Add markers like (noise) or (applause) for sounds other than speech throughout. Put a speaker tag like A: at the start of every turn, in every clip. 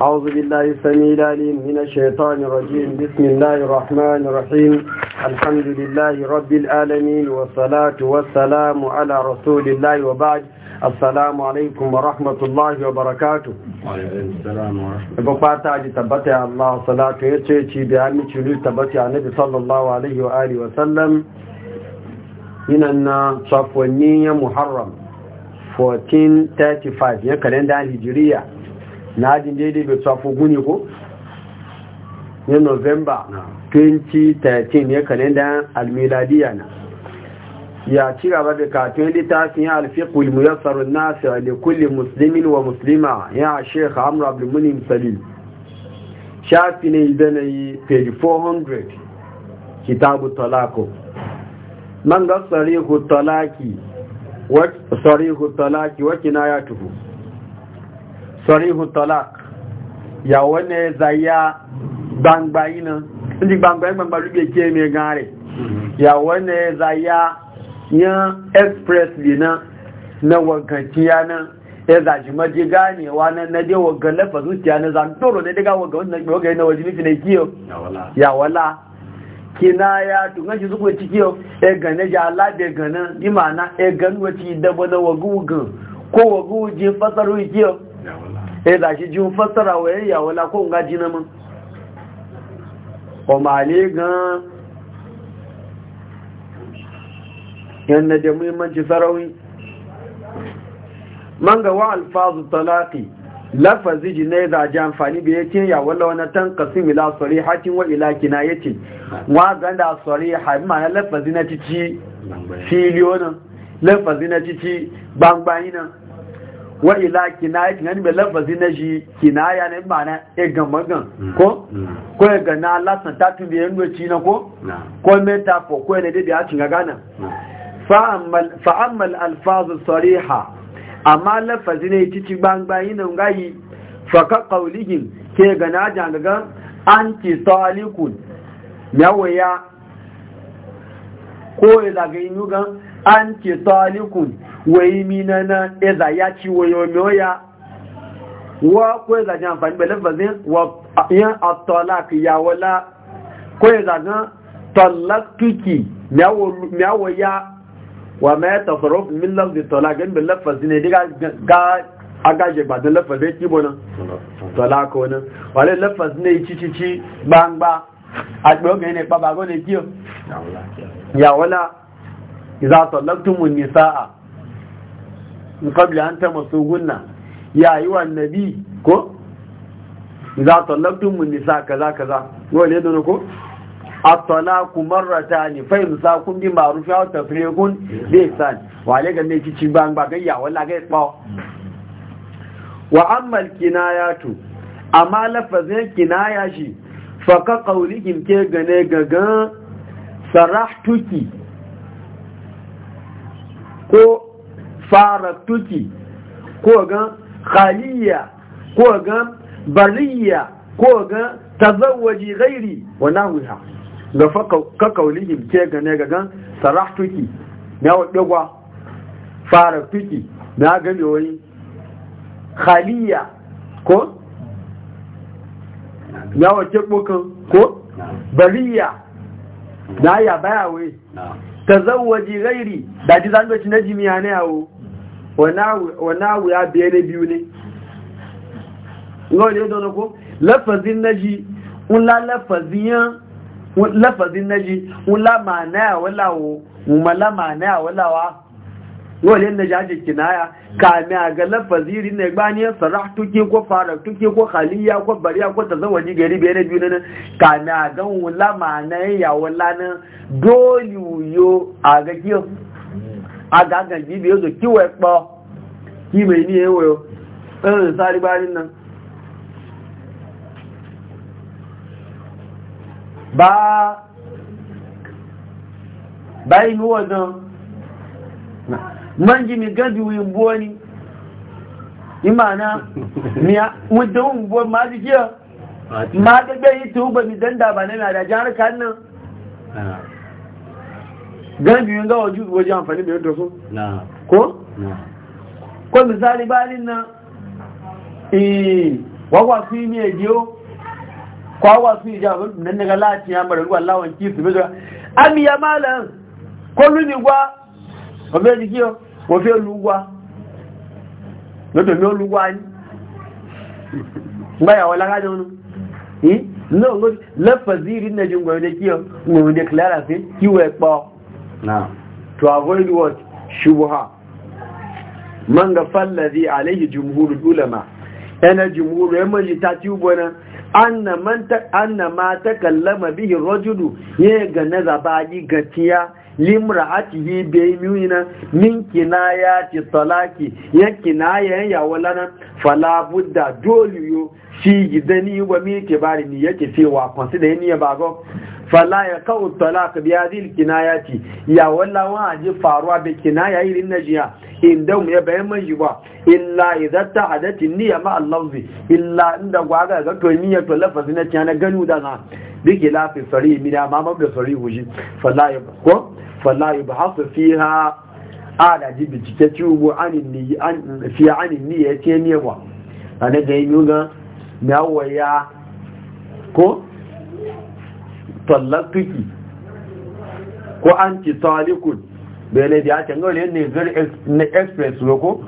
A: أعوذ بالله السميع العليم من الشيطان الرجيم بسم الله الرحمن الرحيم الحمد لله رب العالمين والصلاة والسلام على رسول الله وبعد السلام عليكم ورحمة الله وبركاته وعليكم السلام ورحمة الله وبركاته تبتع الله صلاة يتشي بعمي شلول تبتع النبي صلى الله عليه وآله وسلم من أن صفوانية محرم 1435 يكالين دان هجرية lahadin daidai bai tsafo guni ko ne november 2013 ya kalenda almiladiya na ya ci gaba da katon littafin alfiqul muyassar nasir da kulle musulmin wa musulma ya sheikh amr abdulmunim salim shafi ne idan yi page 400 kitabu talako man ga tsarihu talaki wa kinayatuhu sọ̀ríhù tọ́lák yàwó ní ẹzàyà gbangba iná ndí gbangba gbangba lúgbé kí èmì gan rẹ̀ yàwó ní ẹzàyà yán expressly na waganciya nan ya zaji maji ganewa nan na na zan toro ne daga wagan wannan wagan yana waje nufi ne kiyo ya wala kina ya tunga shi e gane ja ala be gane imana e gane da dabo na gan, ko wagugan fasaru kiyo sai da shi jin fassara wa yayya wala ko ga jina mun o male gan yanna da muhimmanci sarawi man ga wa alfazu talaqi lafazi jina da ji amfani da yake ya wala wani tan qasim ila sarihatin wa ila kinayati wa ganda sariha na lafazi na cici filiyonin lafazi na cici bangbayinan wa ila kinaya kinani mai lafazi na shi kinaya ne mana e gan mm. ko mm. ko ya e gana lasan tatu da enwe noci na ko ko po e ko e ne da ya cin gana fa amal amal alfaz sariha amma lafazi ne cici gbangba yin nan gayi fa ka qawlihim ke gana jangaga anti talikun yawaya ko ila ga inu gan anti talikun wai mina na eza ya ci wayo moya wa ko eza jan amfani bele bazin wa yan at-talaq ya wala ko eza na talaqtuki ya wa ya wa ma tasarruf min lafzi talaqin bil lafzi ne diga ga agaje ba da lafzi ki bonan talaqo wani, wale lafzi ne ci ci ci bangba agbo ga ne baba go ne kiyo ya wala idza talaqtumun nisaa in kabla an ta masu gunna ya yi wa za tallaftun mun nisa kaza kaza wale da ko at-talaqu marratan fa imsakun bi ma'ruf wa tafriqun bi ihsan wale ga ne kici ba ga ya wala ga ba wa amma al-kinayatu amma lafazin kinaya shi fa ka qawlihim ke gane gaga sarahtuki ko faratuki ko gan khaliya ko gan bariya ko gan tazawwaji ghairi wa nahwiha ga ka kaulihim ke ga ne ga gan sarahtuki na wadagwa faratuki na ga wani khaliya ko ya wace bukan ko bariya na ya baya we tazawwaji ghairi da ji zan ci na jimiya ne yawo wanawu ya biye ne biyu ne lọ́rọ̀ yóò dọ́nà kó lafazin naji ńlá lafazin naji ńlá ma'ana ya walawo mumala ma'ana ya walawa lọ́rọ̀ yóò naji kinaya kame a ga lafaziri na gbaniyar sarah tuke ko fara tuke ko haliya ko bariya ko tazawaji gari biye ne biyu na kame a ga wula ma'ana ya wala na dole yo a ga kiyo agagan bibi yozo kiwe po ki ni ewe o sari bari nan ba ba inu wadan man mi gadi wi mbo imana mi wadan mbo ma ji kiya ma gagbe yi tuba mi danda ba na da ah. jihar kan nan gan biyun gawa juzu waje amfani mai yadda su ko? ko misali balin nan eh, wagwa su yi mai biyo kwagwa su yi jami'in nan daga lati ya mara ruwan lawan kisu mai zuwa amiya ko luni gwa wafe jikiyo wafe lugwa lọ́tọ̀ mi ó lúgbà ní gbáyàwó lágájọ́ ọ̀nà náà lọ́fẹ̀ẹ́ sí ìrìnàjò gbọ̀nà kí ọ gbọ̀nà kìlára sí kíwẹ̀
B: to
A: avoid what shubha man da fallazi alaihi jumhurul ulama ana jumhuru yamma ji ta ci ubona anna man ta anna ma takallama bihi rajulu ye ga nazabaji gatiya limra'atihi miyuna min ti talaki ya kinaya ya walana fala budda dole yo fi gidani wa mi kibari ni yake cewa kwansu da yaniya ba ga fala ya kawo talaka biya zil kinaya ci ya walla wa ji faruwa da kinaya irin na jiya inda mu ya bayan man ba illa idan ta hadatin niya ma allazi illa inda gwaga ga to ya to lafazi na ciyana ganu da na biki lafi sari mina ma mabda sari huji fala ya ko fala ya bahasu fiha ji bincike ciwo an fiya an ni ya ba A ga yi nyawo ya ko tallakiki ko an ci taliku ne da ake ngole ne very express loko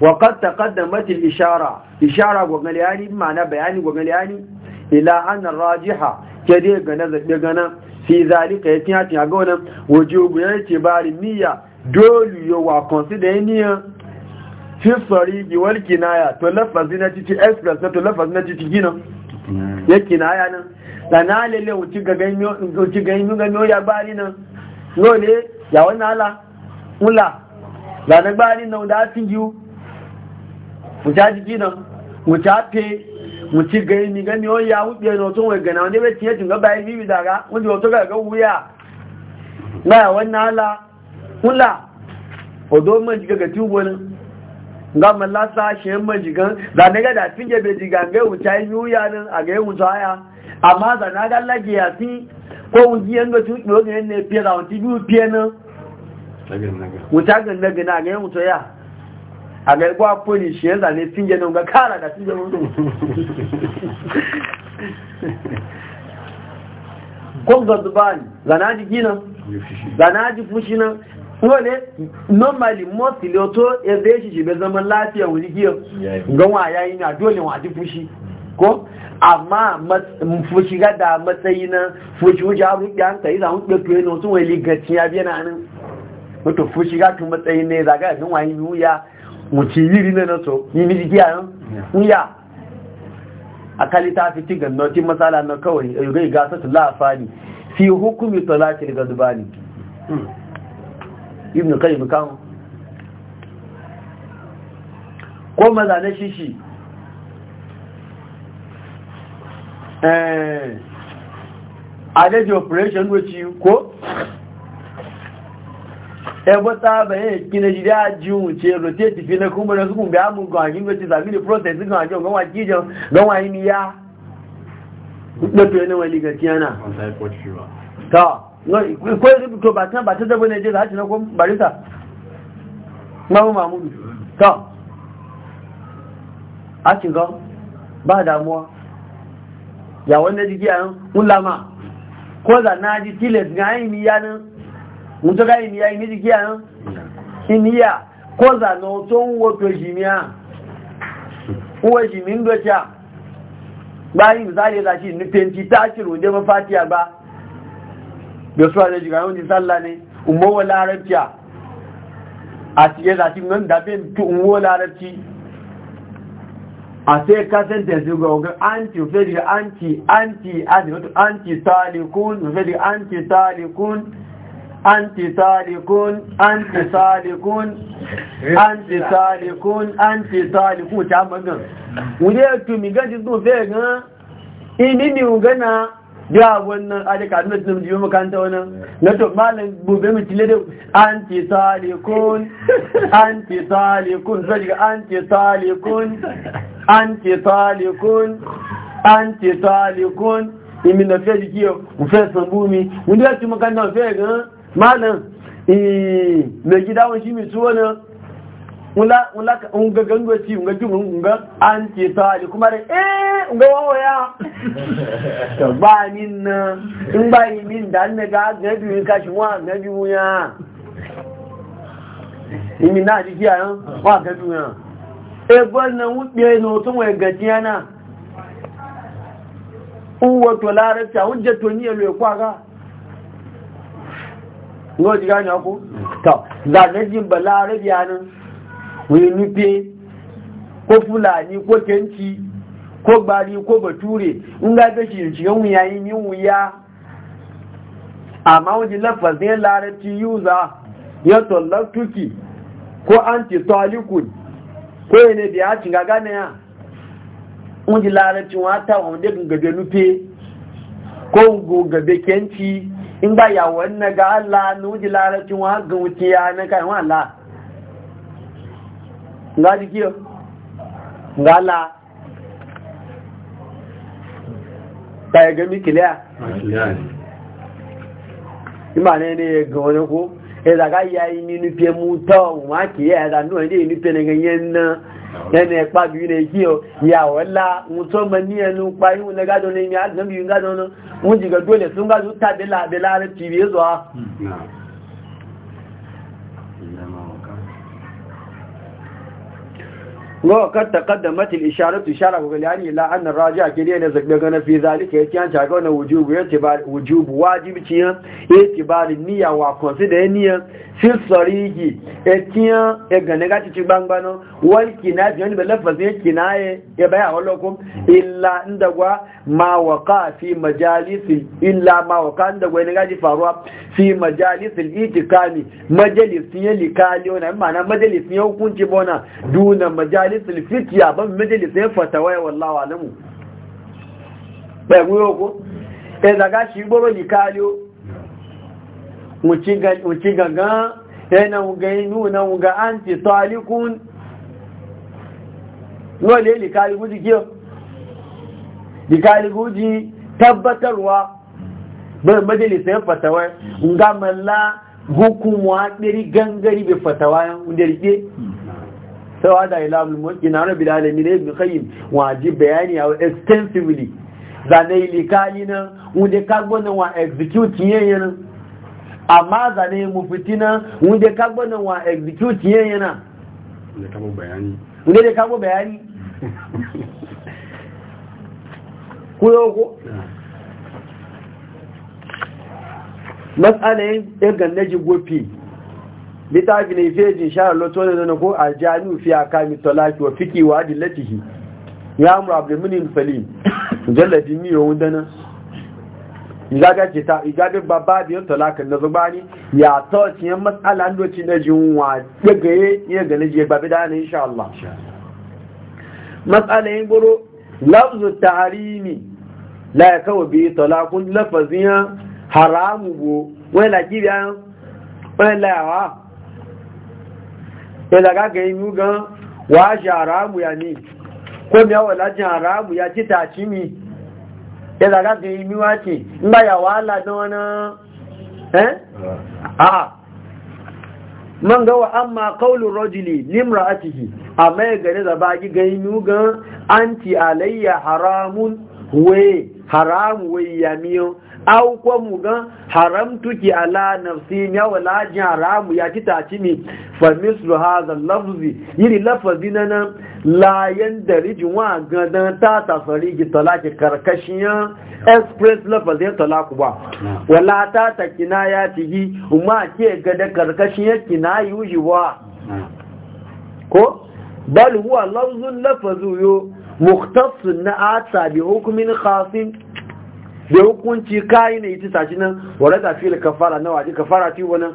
A: wa qad taqaddamat al ishara ishara go gali yani ma'ana bayani go gali yani ila anna rajiha kede ga nazabe gana fi zalika yati ati agona wajibu yake bari niya dole yo wa consider niya fisari giwar kinaya to lafazi na titi express to lafazi na titi gina ya kinaya nan da na lele uci ga ganyo ganyo ya bari nan ne ya wani ala mula da na bari nan da fi yiwu wuci a jiki nan wuci a fe wuci ganyo ganyo ya wuce na otun wai gana wani bai tiye tunga bayan bibi daga wani to ga ga wuya na ya wani ala mula odo mun jiga ga tubo nan nga malla sashen majigan da na gada fin be jigan ga wuta yi ya nan a ga u zaya amma da na ga lage ya fi ko wuji yanga tu do ne ne fiye da bu biyu na u ta ga ga na ga wuta ya a ga kwa ni shi da ne fin jabe ga kara da fin jabe (laughs) ko ga dubani zanaji na zanaji fushi nan wale normally mostly oto ya zai shi shi bai zaman lafiya wuri giya ganwa ya yi na dole wa ji fushi ko amma fushi ga da matsayi na fushi wuce abu ya hanta yi zamu ɗaya tuwe na sun wali gacin ya biya na nan wato fushi ga tun matsayi ne zaga yabin wani wuya wuce yi na na so yi miji giya nan wuya a kali ta fi tigan na tin matsala na kawai ga gasa tula a fani fi hukumi talatin gadubani ibn qayyim kan ko maza eh, e e na shishi eh adaji operation wuci ko ẹgbọ́ tábà yẹn kí ní jíjẹ́ ajíhun tí èrò tí ètì fi lẹ́kún mọ́rẹ̀ sókùn bí ámù gan àjí ló ti sàmìlì protest gan àjọ gan wà jíjẹ gan wà ní ya lọ́pẹ̀ ẹni wọ́n lè gẹ̀ tí
B: ẹ̀nà
A: kwai rubuto ba ta ba ta zaba ne je da haci na kuma barisa mamu mamudu ta a shiga ba damuwa ya wanda jiki a nan lama. ko za na ji tilas ga ainihi ya nan mutu ga ainihi ya yi jiki a nan iniya ko za na wato wato jimiya uwa jimin doca bayan misali za shi nufin ci ta shi rode mafatiya ba da su da jiga sallah ne umowa larabciya a ciye zafi nan dafe bin tu umowa larabci a sai ka sentence ga ogun anti ufe anti anti anti talikun ufe anti talikun anti talikun anti talikun anti talikun anti talikun ta magan wule tu mi gaji zo fe gan ni biya wannan aje ka admit din jiyo makanta wannan na to malam gobe mu tile da anti salikun anti salikun sai ga anti salikun anti salikun anti salikun imi na fe jiyo mu fe sambumi mun da ci makanta fe ga malam eh me gidawon shi mi tuwo na wula wula unga gangoci unga jin unga kuma da eh unga waya (laughs) to ba min na in ba yi min dan ne ga ga biyu ka shi wa ga ya imi na ji kiya yan wa ya e bon na wuce no tun wai gajiya na uwa to larabta hujjatu ni lo kwa ga ngo ji ga ni ku da za ji jin balarabiya anan. wani nufe ko fulani ko kenci ko gbari ko bature in ga shi yin cikin wuya yin yin wuya amma wajen lafazin larabci yuza ya tollar tuki ko anti-tolikun ko yana biya a cin gaga na ya wajen larabci wa wanda gabe nufe ko gabe kenci in ba yawon na ga Allah na wajen larabci wa ga wuce ya na kayan wa Allah nga jikiyo nga la ta ga mi kiliya ne ne wani ko e da ga yayi ni ni pe e e e mu to wa ki ya da nu ne ni pe ne ga yen na ene pa bi ne ki ya wala mu to ma ni enu pa yu ne ga do ne mi a zan bi nga do no mu ji ga dole sun ga su ta de la de la ti bi zo a وقد تقدمت الإشارة إشارة غلياني إلى أن الراجع كلينا زكبغنا في ذلك يتيان شاكونا وجوب يتبار وجوب واجب تيان يتبار النية وكونسيدة النية في الصريح يتيان يغنغا تتبان بانو والكناية يعني بلفظ الكناية يبايا لكم إلا اندقوا ما وقع في مجالس إلا ما وقع اندقوا ينغا فاروا في مجالس الإتقامي مجالس يلي كاليونا معنى مجالس يوكون تبونا دون مجالس majalis fitiya ban majalis ya fatawa wallawa alamu bai goyo ɗaya e, eh daga shi goro ni kaliyo mu ci gangan yana ga nuna e, ga anti talikun no le li kali guji kiyo li kali guji tabbatarwa bai majalisar fatawa nga malla hukumwa ɗari gangari bai fatawa yan ɗari rike sai wa da ilamul mulki na rabbil alamin ibn qayyim wajib bayani a extensively da ne likali na wunde kagbo na wa execute na. amma da ne mu fitina wunde kagbo na wa execute yayin na
B: ne kagbo bayani
A: wunde ne kagbo bayani kuyo ko mas'alayin gannaji jigofi littafi ne fejin sha'ar lotone da na ko a jami'u fi a kami talaki wa fiki wa latihi ya da muni salim jalladi miyo wundana igaga babba biyan talakan na zuba ne ya tawaci yan matsala handoci na jinwa yi iya gane je babi da hannun insha Allah matsala yin goro lafzu taharimi la ya kawo biyu talakun lafazin haramu go wani laki biyan wani layawa yadda ga ga yi gan wa shi haramu ya ne ko mi yawon lajin haramu ya ci taci mi yadda ga ga yi miwa ce in ba ya wahala don wani eh ah. a man ga wa amma kaulun rajuli limra a ciki amma ya gane da baki ga yi gan anti alayya haramun we haramu we yamiyo aw ko mu ga haramtu ki ala nafsi ya wala haramu ya kita ci mi fa mislu hadha lafzi yiri lafzi nan la yandarij wa gan dan ta ta fari ki talaki karkashiya express lafzi talaku ba wala ta ta kinaya ya tigi umma ke gada da karkashiya kinayi wuji wa ko bal huwa lafzu lafzu yo mukhtassun na'ata bi hukumin khasin da hukunci kayi ne ita tashi nan wala ta fi kafara na waje kafara ti wannan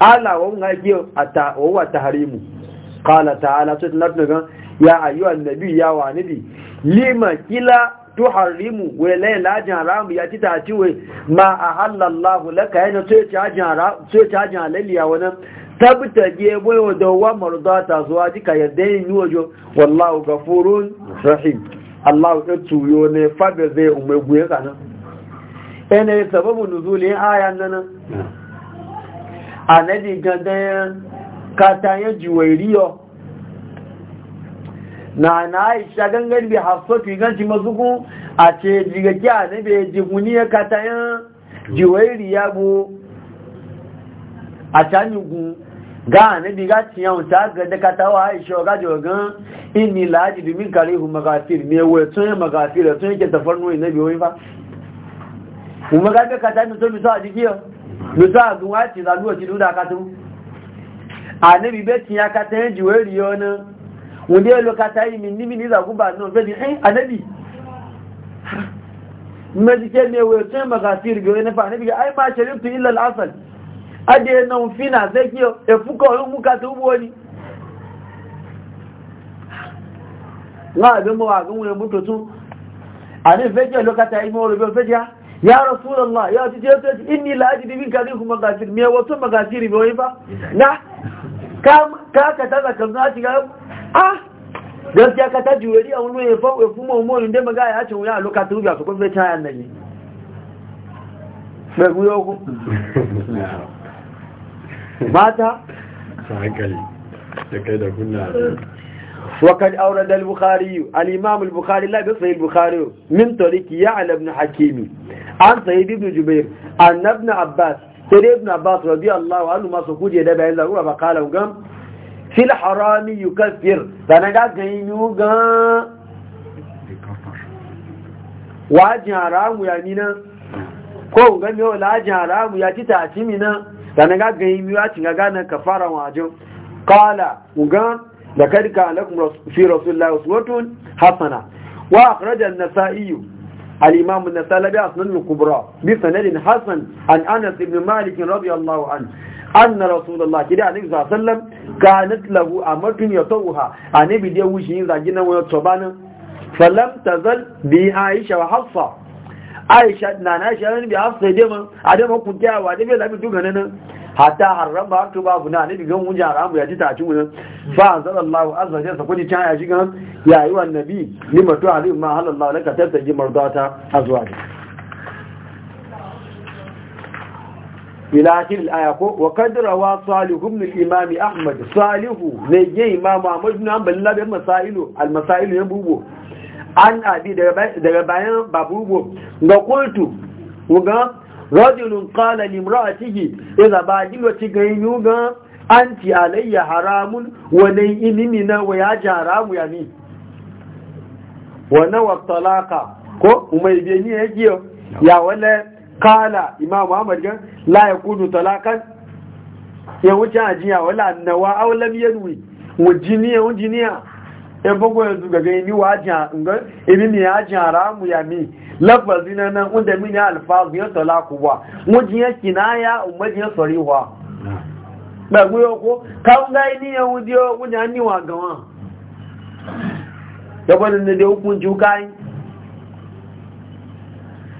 A: ala wa mun haƙi ata wa tahrimu qala ta'ala to tana daga ya na annabi ya wa nabi lima kila tuharrimu wa la la haram ya ti tashi we ma ahalla Allah laka yana to ya jan to ya jan halaliya wannan tabtaje boye wa dawa ta zuwa jika yadda yin wajo wallahu ghafurun rahim Allah ya tuyo ne faga zai umeguye kanan ene sababu nuzulin ayan nan anadi gadan katayen juwairiyo na na aisha gangan bi hafsatu ganci mazuku a ce jigaki anabe jihuniya katayen juwairiya bu a canigun gáà níbi láti yàn òtà gẹ̀dẹ́kátàwà àìṣọ́ ọ̀gájọ̀ gan inì láàájì kàrí ihun magafir ni ẹwọ ẹ̀tún yẹn magafir ẹ̀tún yẹn jẹ́ ìnẹ́bí orí kuma ga ka kata mi so mi so a jikiyo mi so a gunwa ci zalu o ti duda katun a ne bi be ti ya kata yin jiwe riyo na wunde lo kata yi mi ni mi ni zagu ba no be di eh anabi mmeji ke me we tun magasir bi ne fa anabi ai ma sharibtu illa al asal ade na fina zekiyo e fuko ru mu kata ubo ni wa be mo wa gun mu to tun ani feje lo kata yi mo ro be feje ya rasulullah ya ce ce ce inni la ajidu minka kuma magafir me wato magafiri bai ba na ka ka ta zaka za na shiga ah gaskiya ka ta juweri a wani ya fa fu mu mu inde maga ya ce wuya lokacin rubiya su kuma ta yan nan ne bai guyo ku (laughs) mata hankali da kai da kunna وقد أورد البخاري الإمام البخاري لا بصحيح البخاري من طريق يعلى بن حكيم عن سيد بن جبير عن ابن عباس سيد ابن عباس رضي الله عنه ما سكوت يدا بين ذروة فقال وقام في الحرام يكفر فنقا قينيو قام واجن حرام يامينا ko قام miyo lajin haramu ya ci tashi mina da na gagayi miyo قال وقام لقد كان لكم في رسول الله أسوة حسنة وأخرج النسائي الإمام النسائي لبي بأسنان الكبرى بسند حسن عن أنس بن مالك رضي الله عنه أن رسول الله كده عليه الصلاة والسلام كانت له أمر يطوها عن أبي دي وشين زاجنا ويطبانا فلم تزل بعائشة وحفصة عائشة نانا عائشة يعني بحفصة ديما عدم وكنتها وعدم يلعب دوغننا hatta harrama to babu na ne digan wujan haramu ya ji ta cikin wurin fa anzal azza jalla sa kudi ya shiga ya yi wannan nabi ni matu alim ma halallahu laka tattaji mardata azwaj ila akhir al-aya ko wa qad rawa salihum min imam ahmad salihu ne ya imam ahmad ibn hanbal la da masailu al-masailu ya bubo an abi daga bayan babu babubo ga kultu ga rajulun qala limra'atihi idza ba'dilu tigayu ga anti alayya haramun wa nay ilimina wa ya jaramu ni wa nawa talaqa ko umai biye ni yake ya wala qala imam ahmad gan la yakunu talaqan ya wuce ajiya wala nawa aw lam yanwi wajiniya wajiniya e bogo yanzu ga ni wa ja ngal ilimi ya jaramu lafazi na nan inda mini alfazu ya talaku ba mujiyar kinaya umajiyar sariwa gbagbo ko, kawun gai ni yawon diyo wani hanniwa gawa yabanin na da hukunci hukayi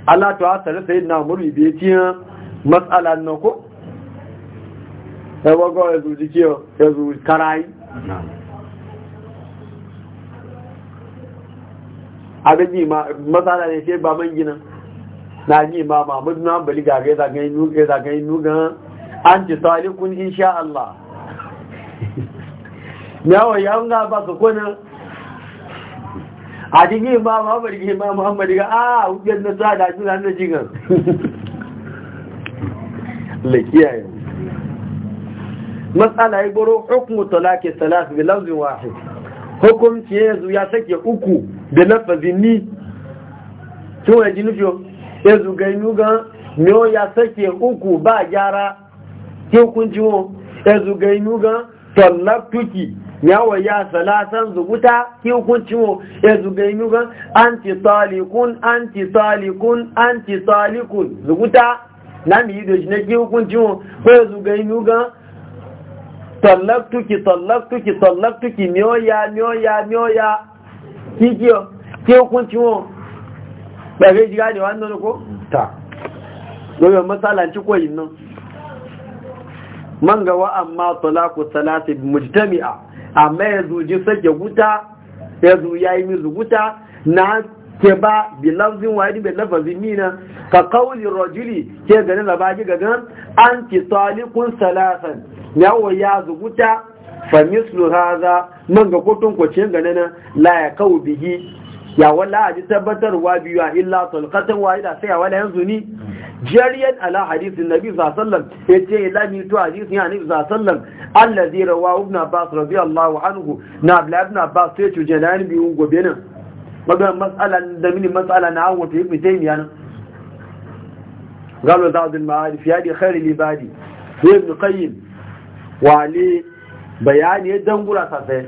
A: Allah a hasari sai na muru da ya ciye matsala na ko? ya bago ya zuji kiyo ya zuji karayi A ji ma masana ne sai ba man gina na ji ma mahmud na bali ga ga zagayi nuga ya zagayi nuga an ci salikun insha Allah yawa ya nga ba ka kwana? a cikin ma muhammad ga ma muhammad ga a hujjar na sa da shi na jigan kan" matsala ya goro hukumu talaki salas bi lafzin wahid hukumci yanzu ya sake uku da lafazi ni sun wani jinufiyo ya zuga inu gan miyo ya sake uku ba gyara ke hukunci wo ya zuga inu gan tallaftuki yawa ya salatan zubuta ke hukunci wo ya zuga inu gan antitalikun antitalikun antitalikun zubuta na mi yi da shi na ke hukunci wo ko ya zuga inu gan tallaftuki tallaftuki tallaftuki miyo ya miyo ya miyo ya kíkí ọ tí ó kún tí wọ́n pẹ̀lú ìjìgá ni wà ń lọ́nà kó tà lórí ọmọ sálàntí kò yìí náà man gawa amma talaku salasib mujtami'a amma yazo ji sake guta yazo yayi mizu guta na ke ba bi lafzin wa wahidi bi lafzin mina ka qawli rajuli ke ganin labaji gagan an gagan anti talikun salasan yawo ya zuguta famislu haza man ga kotun kwacin nan la ya kawo bihi ya wala a ji wa biyu a illa tulkatan wahida sai ya wala yanzu ni jariyan ala hadisin nabi sallam ya ce ila mi to hadisin ya nabi sallam allazi rawa ibn abbas radiyallahu anhu na abla ibn abbas sai ce jalan biyu gobe nan magana mas'ala da mini mas'ala na hawa to ibn taymiya nan galo zaadul ma'arif ya di khairul ibadi ibn qayyim wa ali bayani ya dangura safai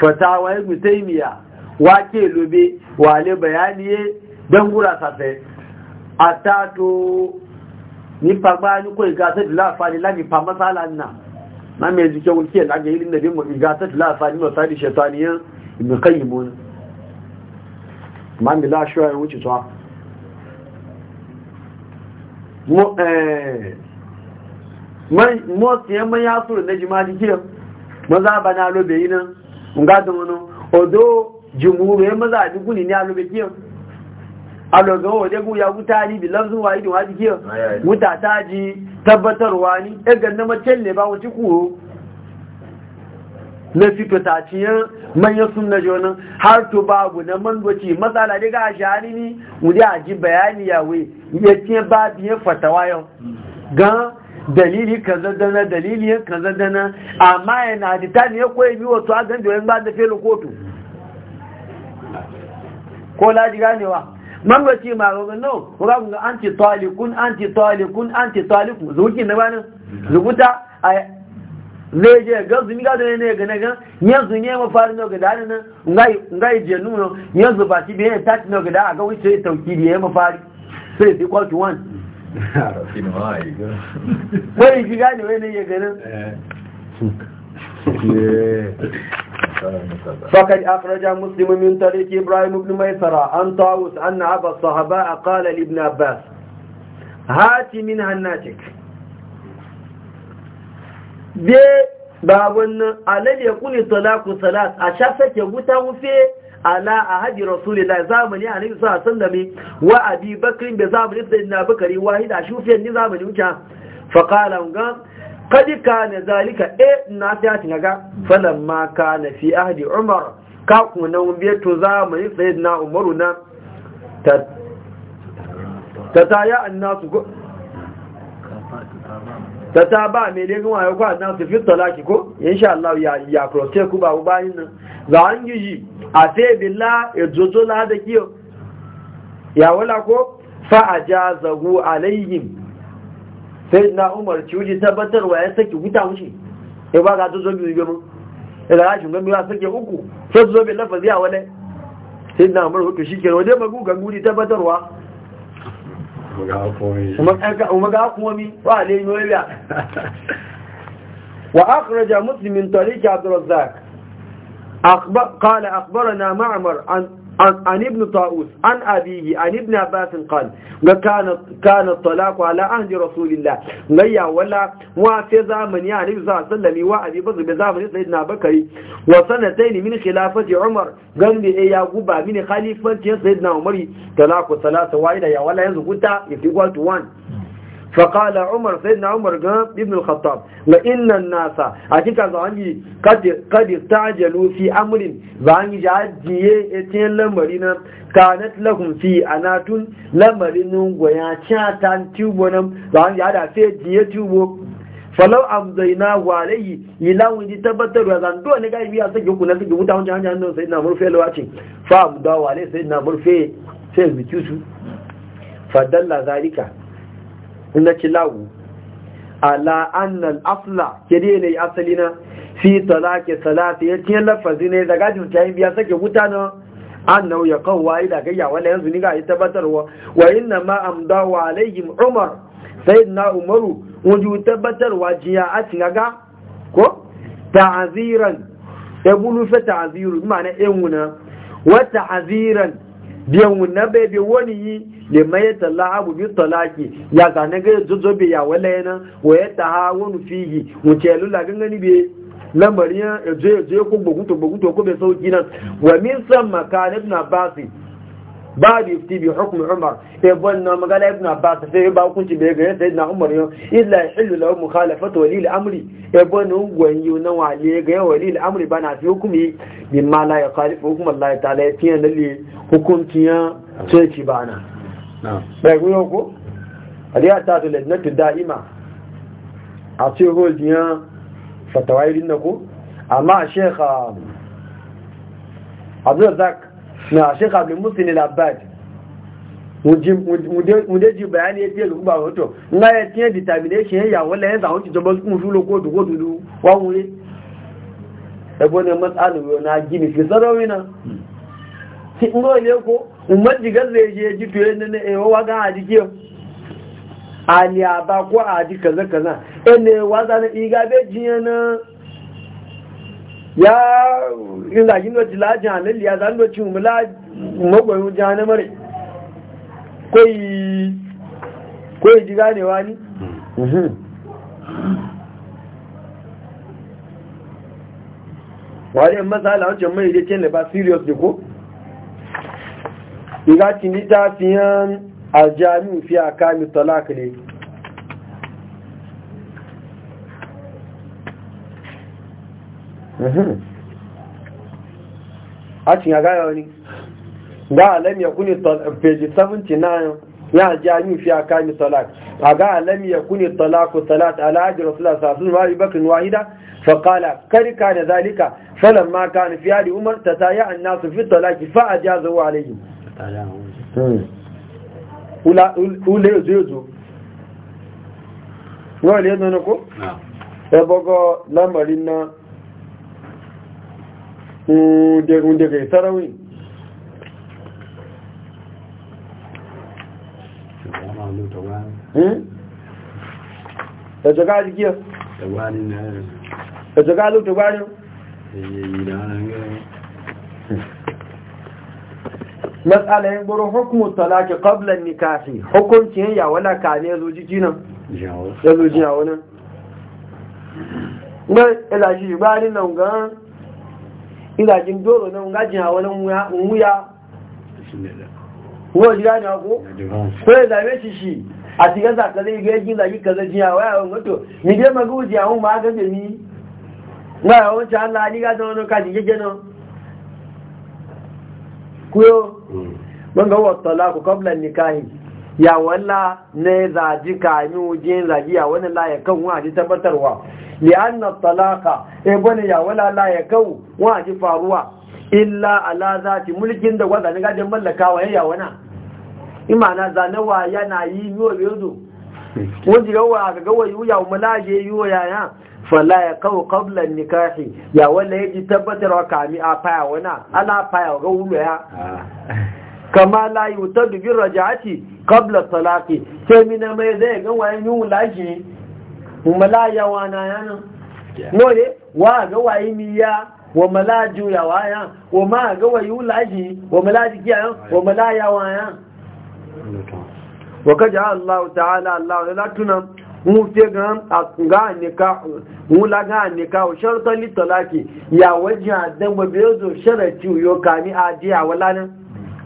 A: fatawa ibn taymiya wake lobe wale bayani ya dangura safai atato ni pagba ni ko igasa da lafani lani pa masala na na me ji wulke la ga ilin nabi mu igasa ti lafani ma sadi shaytaniya ibn qayyim man bi la shwa wuce to mo eh mai mo ti yamma ya suru na jima'a dikiyar maza ba na lobe yi nan ga da wani odo jimuru ya maza abi guni ne a lobe kiyan a lobe wade gu ya guta ni bi lafzin wa idin wadi kiyan wuta ta ji tabbatarwa ni ya e ganna macen ne ba wace kuro na fito ta ciyan manyan sun na jonin har to babu na mandoci matsala daga a shahari ni wuri a ji bayani yawe ya ce ba biyan fatawa yau mm. gan dalili kaza dana dalili kaza dana amma yana da ta ne koyi biyo to azan da yan ba da felo kotu ko laji ganewa man ba ce ma ga no ko ga ga anti talikun anti talikun anti talikun zuki na bana zubuta zai je ga zumi ga ne ga naga yanzu ne mu fara no ga dana nan ngai ngai je nuno yanzu ba ci biye ta ci no ga da ga wuce tauki biye mu fari sai sai to one
B: فقد
A: أخرج مسلم من طريق إبراهيم بن ميسرة أن طاوس أن أبا الصحباء قال لابن عباس هات من هناتك بابن على يكون طلاق ثلاث أشافك وفيه ala ahadi rasulillah zamani annabi sallallahu alaihi wasallam wa abi bakr da zamani sayyidina bakari wahida shufiyan ni zamani wuce fa qala ga ka na, zalika e na fiati naga falamma na fi hajji umar ka kuna biyato zamani sayyidina umaruna ta ta ya annasu ta ta ba mai legun wayo kwa nan su fito laki ko insha Allah ya ya protect ku ba u bayin nan ga an yi a sai billah e jojo la da kiyo ya wala ko fa ajazahu alaihim e e sai na Umar ciwuji tabbatarwa ya saki wuta mushi e ba ga jojo biyu gemu da rashin gemu ya saki uku sai zo bi lafazi ya wala sai na Umar hutu shikenan waje magu ga guri tabbatarwa وأخرج مسلم من طريق عبد الرزاق أخبر قال أخبرنا معمر عن عن ابن طاووس عن أبيه عن ابن عباس قال كان كان الطلاق على عهد رسول الله غيا ولا وفي زمن يعني صلى الله عليه وسلم وابي بكر بزمن سيدنا بكري وسنتين من خلافة عمر قال لي يا غبا من خليفة سيدنا عمر طلاق ثلاثة واحدة يا ولا ينزل كنت يفي 1 فقال عمر سيدنا عمر قام ابن الخطاب لان الناس حقيقه زاني قد قد استعجلوا في امر زاني جاجيه اتين لمرينا كانت لهم في اناتن لمرين غيا تشاتان تيوبون زاني هذا في جيه تيوبو falau amzaina walayi ilawun ji tabbatar da zan dole ga biya sai ku na sai wuta wancan hanyar nan sai na murfe lawacin fa amda walayi sai na murfe sai na kilawu ala annal afla na ne asali na fi talaki salati ya tiyan lafazi ne daga jin tayin biya sake wuta na annahu ya kawai da gayya wala yanzu ni ga yi tabbatarwa wa inna ma amda wa alaihim umar sayyidina umaru wuju tabbatarwa jiya a ga ko ta'aziran ya bulu fa ta'aziru ma'ana enuna wa ta'aziran biyan wunna bebe wani yi da mai talahabu bi talaki ya zane ga zozobe ya wala yana wa ya tahawunu fihi wuce lula gangani be lambarin ya je je ko buguto buguto ko bai sauki nan wa min samma kana ibn abbas babu yufti bi hukm umar e wannan magana ibn abbas sai ba hukunci bai ga sayyidina umar yo illa yahillu lahu mukhalafatu wali al-amri e wannan gwanyo na wale ga wali al-amri bana fi hukumi mimma la yakhalifu hukm Allah ta'ala tiyan lalle hukuncin ya ce ci bana bai guyo ko aliya ta da lajnatu da'ima a ce holdin ya fatawayirin da ko amma shekha um, abdulrazak na shekha abdulmusin al-abbad mudeji bayani ya fiye lukuma wato nga ya tiye determination ya wala ya zahunci jọba sukun fulo ko ne gini fi na ngo ne ko umar jigar zai je ji to yana ne ewa wagan a jiki aba ko a ji kaza kaza ene waza na iga be jiyana ya inda kin do tilaji halal ya zan do cin mula magoyo jana mare koi koi ji ganewa ni mhm. wale masala wancan mai je kin le ba serious ne ko iga ci littafiyan aljami'u fi mhm. a kami talak ne a cin ya gaya wani ga alam ya kuni page 79 ya aljami fi a kami talak a ga alam ya kuni talaku talat alhaji rasulullah sassun mari bakin wahida فقال كرك كان ذلك فلما كان في هذه أمر تتايع الناس في الطلاق فأجازه عليهم Hmm. ule ozo wọ́n lè ẹ̀dùn ẹ̀kọ́ ẹbọ́gọ́ lámàrí na ǹdẹ̀gẹ̀ ìsárawì ẹ̀jọ̀gá àdíkíọ́ ló matsala yin buru hukumu talaki qablan nikahi hukunci ya wala ka ne zo ya zo jiya wani ilaji ba ni nan gan, ilajin doro nan ga jiya wuya wo jira ni ako ko ya zabe shi shi a cikin zakalai ga yakin zaki kaza jiya waya wani wato ni dai maguji a hun ma ga ni na yawancin ni ga ka kuyo mun mm. ga wasu talaku qabla nikahi ya walla ne zaji kami wujin zaji ya wani la ya kan wa ji tabbatarwa li anna talaka e bane ya wala la e ya kan wa ji faruwa illa ala zati mulkin da wanda ga jin mallakawa ya wana imana wa yana yi yo yodo wanda ga wa ga wa yu ya mulaje yo yaya fala ya kawo kablan nikahi ya wanda ya ji tabbatar wa kami a faya wana ana faya ga wulo ya kama la yi wuta dubin raja'ati kabla talaki sai mina mai zai ga wayan yi wula shi malaya wana yanan nore wa ga wayi miya wa malaju ya waya wa ma ga wayi wula shi wa malaji kiya wa malaya waya wa kaji Allah ta'ala Allah la tunam mufte ga ga nika mula ga nika wa shartan ya wajha dan ba bai zo sharati yo kani adiya walanin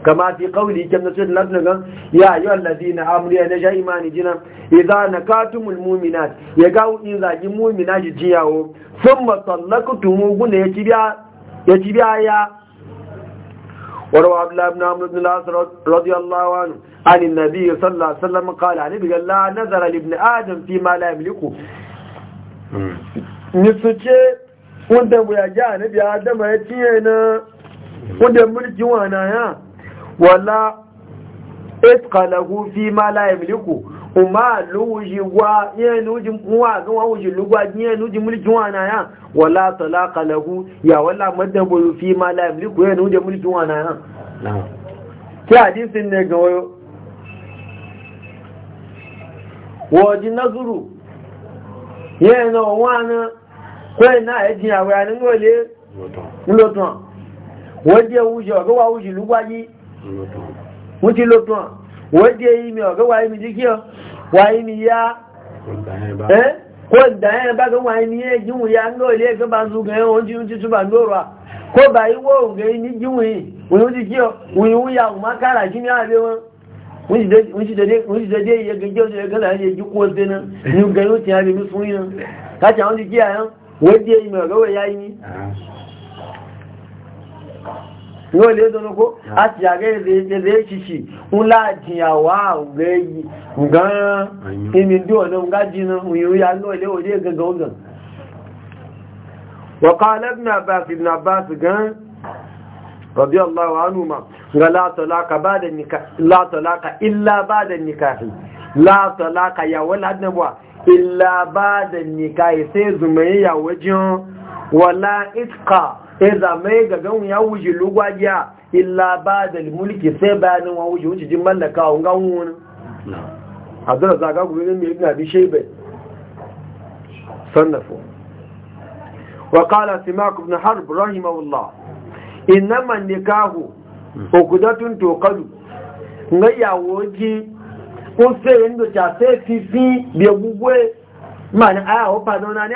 A: kama fi qawli kam nasul ladna ga ya ayu alladina amru ya naja imani jina idza nakatumul mu'minat ya ga in zagi mu'minati jiyawo thumma sallaktumu gune ya tibiya ya biya ya وروى عبد الله بن عمرو بن العاص رضي الله عنه عن النبي صلى الله عليه وسلم قال عن ابي لا نذر لابن ادم فيما لا يملكه نسوچه wanda ya ji annabi adama ya ciye na wanda mulki wana ya wala itqalahu fi ma la yamliku kuma luji gwa yana uji wa ga wa uji lugwa yana uji mulki wa na ya wala talaqa lahu ya wala madabu fi ma la yamliku yana uji mulki wa na ya ki hadisin ne ga wayo waji nazuru yana wana kai na yaji ya wa nan gole lotun waje uji ga uji lugwa yi muti lotun wadda yi mai waga waye mi jikiyo waye mi ya ko da ya ba ga waye mi ya jinwu ya ngo ile ga ba zu ga yan onji unji ba ndorwa ko ba yi wo ga ni jinwu yi wo jikiyo wo ya o makara jini abe won wọ́n ti dẹ̀dẹ̀ iye gẹ́gẹ́ ọjọ́ ẹgbẹ́ láàrin èyí ọdẹ́ náà ní ọgbẹ̀rún ti àbẹ̀mí fún ìran láti àwọn ti jẹ́ àyán wọ́n dé ìmọ̀ ọ̀gọ́wẹ̀ yá yìí yóò lè dọ́nà kó àti ah. àgẹ́gẹ́ ṣíṣì ń láàjì àwà àwùgẹ́ yìí ǹgán ìmìndí ọ̀nà ǹgá jìnà òyìnrìyà náà ilé òdé gẹ̀gẹ̀ ọ̀gàn wọ̀ká lẹ́bìn gan rọ̀bí ọlọ́wà ga látọ̀láka ilá bá da nìkàfì látọ̀láka yàwó ládnàbọ̀ ilá sai iza e mai ga gan ya wuce lugwajiya illa ba da mulki sai bayanin wa wuce wuce jin mallaka wa gan wani abdul zaga gobe ne mai ibn abi shayba sannafu wa qala simak ibn harb rahimahullah inma nikahu ukudatun tuqadu ngaya woji ko se ndo cha se fifi bi gugwe mana aya o padona ne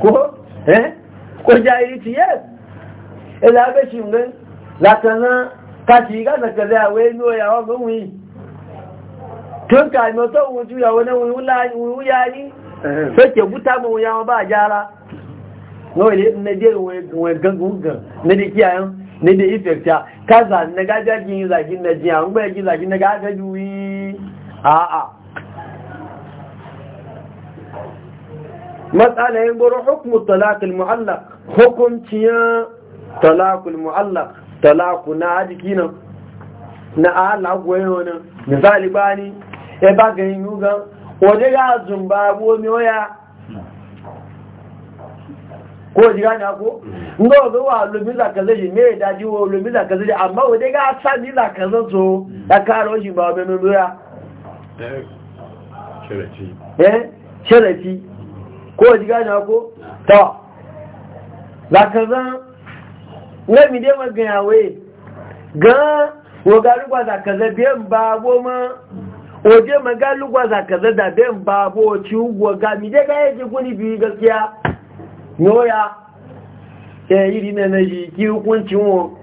A: ko eh ko jayiri jahilci yes ila eh, ga shi ngan lakana ka shi ga da kaza ya wai no ya wa gun yi tun ka no to wuju ya wani wula wuya ni eh. ke buta mu ya ba jara no ne ne de wai gangun gan ne da kiyayen ne de a da ifekta kaza na gaja gin zagin na jiya an gbe gin zagin na gaja a a. matsala yin goro hukumu talakul mu'allaq hukunciyar talakul mu'allaq talaku na jiki nan na Allah goyon wani misali bani ya ba ga yin yugan waje ga zumba gomi waya ko ji gani ako ngo zo wa lumi za ka zai me da ji wa lumi za ka zai amma waje ga sa ni za ka zan so da karo shi ba mai mai doya eh sharafi ko ji gane ko ta zakazan na mi dai magana waye ga wagarugwa zakazan biyan ba goma oje magalugwa zakazan da biyan ba bo ci ugwa ga mi dai ga yaji guni biyu gaskiya noya eh iri na na yi ki hukuncin wo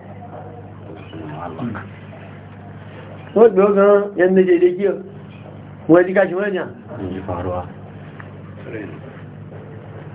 A: wọ́n gbọ́ gan yẹn méjèèdè kí ọ wọ́n ẹjíká ṣe wọ́n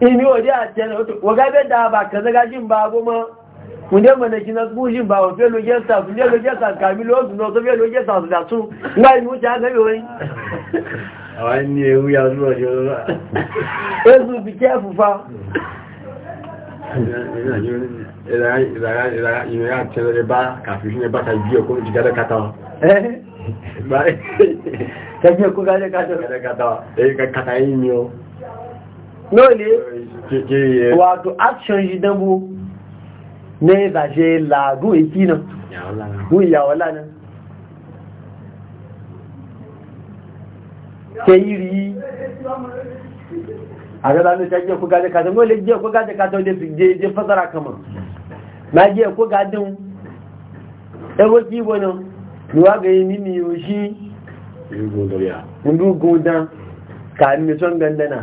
A: imi waje a cikin wato waga da ba ka zaga jin ba goma kunde mana kina su jin ba wa felo gesta kunde lo gesta kamilo su no so felo gesta su da su ngai mu ta ga yoyi
B: awai ni e uya zuwa jo
A: la ezu bi careful fa ila ila ila ila ya ba ka fi ni ba ka ko ji ga kata eh ba ka ji ko ga kata kata eh ka kata yin yo lóòlé wato action shi dambo na ya zashe lagu iki nan ìyàwó lánàá ke rí a gada jẹ́ kó gájẹ́ mọ́ lè jẹ́ kó gájẹ́ kàtà fi jẹ́ jẹ́ kama na jẹ́ kó ẹwọ́ tí wọ́n náà ni wá gẹ̀yẹ́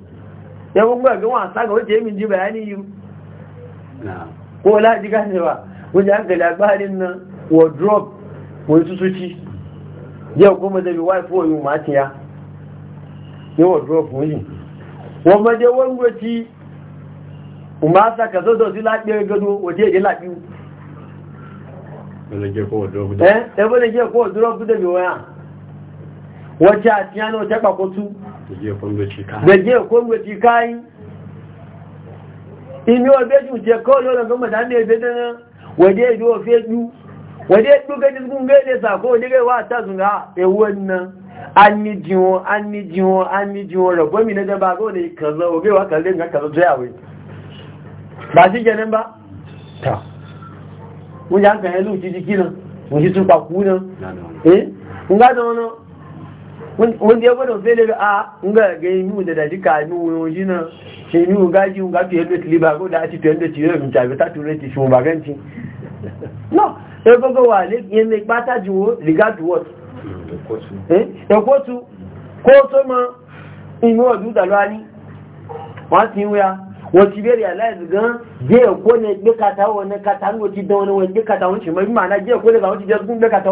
A: yawon kun ga wasa ga wace min ji bayani yi ko laji ji gane ba wajen an ga labarin nan wardrobe wani susuci yau kuma da bi wife wani matiya ni wardrobe wani wọ́n mọ́ jẹ́ wọ́n gbé ka zo da su laɓe gado waje ya laɓi ebe da ke eh, eh, kowa duro da biwaya wacce a tiyana wacce kwakwatu gaje kwanwaci kayi imi obe ju je kawai yau da gama da hannu ebe dana wade ya biyo fe ju wade ya duka jirgin gaide sako wade gai wa ta zunga ewon nan an ni jiwo an ni jiwo an ni jiwo rabuwa mi na daba ga wani kaza oge wa kalle ga kaza jaya wai ba shi kenan ba ta wani an kan yi lu jijiki nan wani sun kwaku nan eh kun da wani eh? wanda ya gwada fele a nga ga yi da daji ka yi wuyo shi na shi yi wuyo gaji wuyo gafi yadda tili ba ko da ake tuyar da ci yau in ta tura ci shi ba ganci (laughs) no ya gogo wa ya mai bata jiwo riga to what eh, ya kotu kotu ma inu wa duda lani wọ́n ti wíya wọ́n ti bẹ̀rẹ̀ gan jẹ́ ẹ̀kọ́ ní ẹgbẹ́ kata wọn ní kata ní ti dán wọn ní ẹgbẹ́ kata wọn ti jẹ́ kata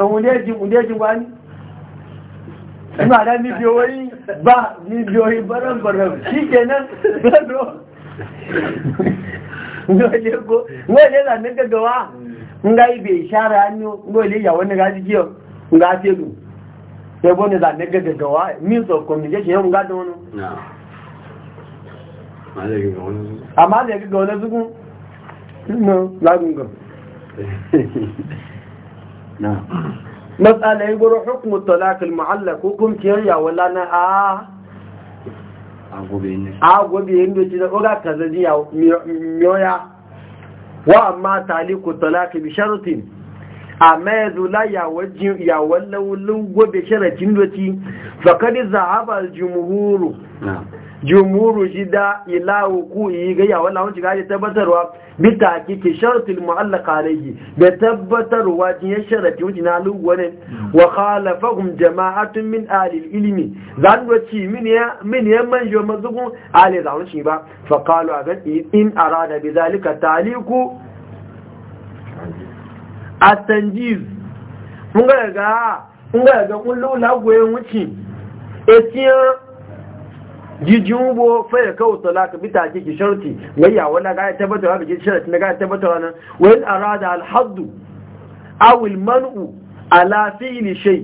A: ọmọdéjì wá ní ẹgbà dá níbi orí bá níbi orí bọ́rọ̀bọ̀rọ̀ sí kẹ́nà lọ́dọ̀ wọ́n lè rà ní gẹ́gẹ́ wá ń gá ibi ìṣára ní wọ́n lè yàwó ní rájí jíọ ń gá tẹ́lù ẹgbọ́ ní rà ní gẹ́gẹ́ wá means of communication yóò ń gá dánwọ́n (laughs) matsala ya guru hukumu talakul mu'allaq hukumciyar yawon lana a agobe yin doci da oga kazaji ya miyoya wa amma taliku talakil sharutin a mai zula yawon laulun gobe sharatin doci fakadi zahabar jimuru jimuru shida ila hukuyi ga yawon lahunci gaji tabbatarwa bi ta hakiki sharatul mu'allaq alayhi bi tabbatar wajin sharati wajina luwane wa khalafahum jama'atun min ahli al-ilmi zan wace min ya min ya man jo mazugun ahli zaun shi ba fa qalu in arada bi zalika taliku at-tanjiz mun ga ga mun ga ga lula lagwayen wuci etiyan jijubo fa ya kawo talaka bita ake ki sharti ya wala ga ya tabbatar ba ki sharti na ga ya tabbatar nan wa in arada al hadd aw al man'u ala fi'li shay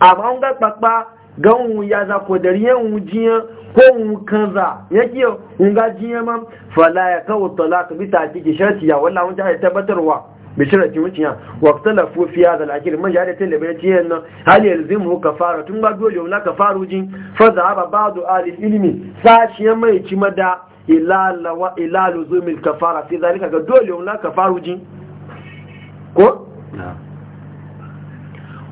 A: amma ga papa ganwu ya za ko dariyan wujiya ko un kanza yake un ga jiya man fala ya kawo talaka bita ake ki sharti ya wala mun ta tabbatarwa bishira ki wuciya wa talafu fi hadha al-akhir man jada tin labe ci yan hal yalzimu kafara tun ba dole la kafaru jin fa zaba ba'du ahli ilmi sashi mai ci mada ila lawa ila luzum kafara fi zalika ga dole la kafaru jin ko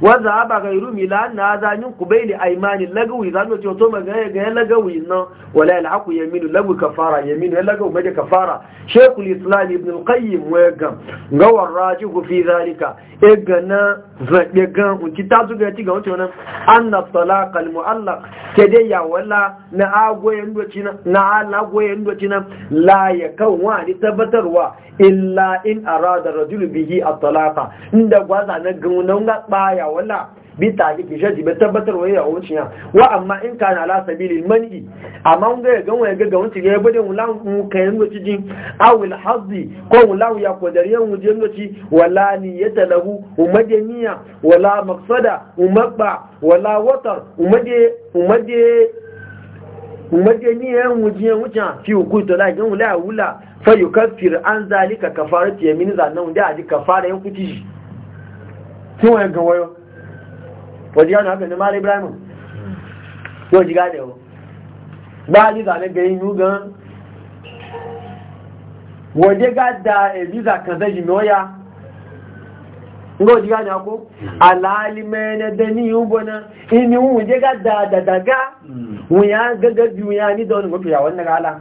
A: wanda aba ga iru mila na za yin kubaili aimani lagawi za mu to magana ga lagawi no wala al haqu yaminu lagu kafara yaminu lagaw maje kafara shaykhul islam ibn al qayyim wa ga gawar rajihu fi zalika e na zabe ga unti ta zuga ti ga wannan anna talaq al muallaq dai ya wala na agoye ndoci na ala agoye ndoci la yakan wa ni tabbatarwa illa in arada rajulu bihi at talaqa inda gwaza na ga wannan ga baya wannan walla bi taqiqi shaji bi tabbatar wa ya wuce wa amma in ka na lasa sabilil mani amma mun ga ga wani ga ga wuce ga bude mun lan mu kayan wuce jin awul hazi ko mun lan ya ko dariyan mu jin wuce wala talabu umade niya wala maksada umabba wala watar umade umade umade niyan wuce wuce fi hukunta la gan wala wula fa kafir an zalika kafaratu yamin zanan da aji kafara yan kuci kin wayan ga wayo wajen yana haka mara ibrahim yau ji gane o ba ji zane ga yi yugan waje ga da e visa kan zai jimi oya ngo ji ko, ako alali mene da ni yugo na ini wu je ga da da daga wu ya gaga biyu ya ni don gofi ya wannan gala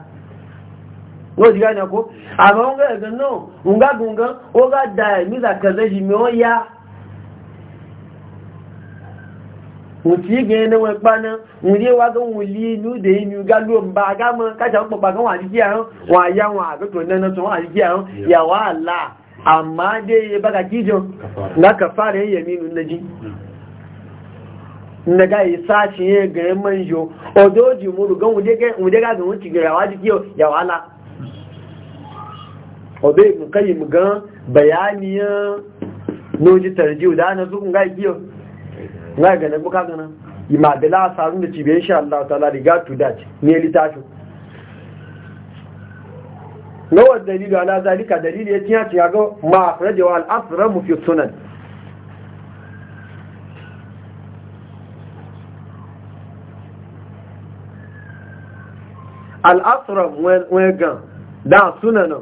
A: ngo ji gane ako amma hmm. ngo e ga no ngo ga ngo ga da e visa kan zai jimi oya òtí ìgbẹ̀yẹn náà wọ́n gbá náà wọ́n lé wá gán wọ́n lé inú a inú gálò ń bá agámọ́ kájà ń ya gán wọ́n àdíjí àrùn wọ́n àyá wọn àgbẹ̀tọ̀ náà tó wọ́n àdíjí àrùn yàwó àlà àmá dé jíjọ lákàfà rẹ̀ yẹ̀mí inú nẹjí nnaga yi sáàṣì yẹn gẹ̀rẹ́ mọ́ yọ ọ̀dọ́ òjì mọ́rù gán wọ́n dẹ́gà gán ti yàwó àlà ọ̀dọ́ ìmùkẹ́yìmù bẹ̀yà na ga na buka gana ima da la sarun da cibiyar insha Allah ta'ala riga to that ne littafin nawa dalilu ala zalika dalili ya tiya ci ga ma afrajawa wal asramu fi sunan al-asram wen gan da sunan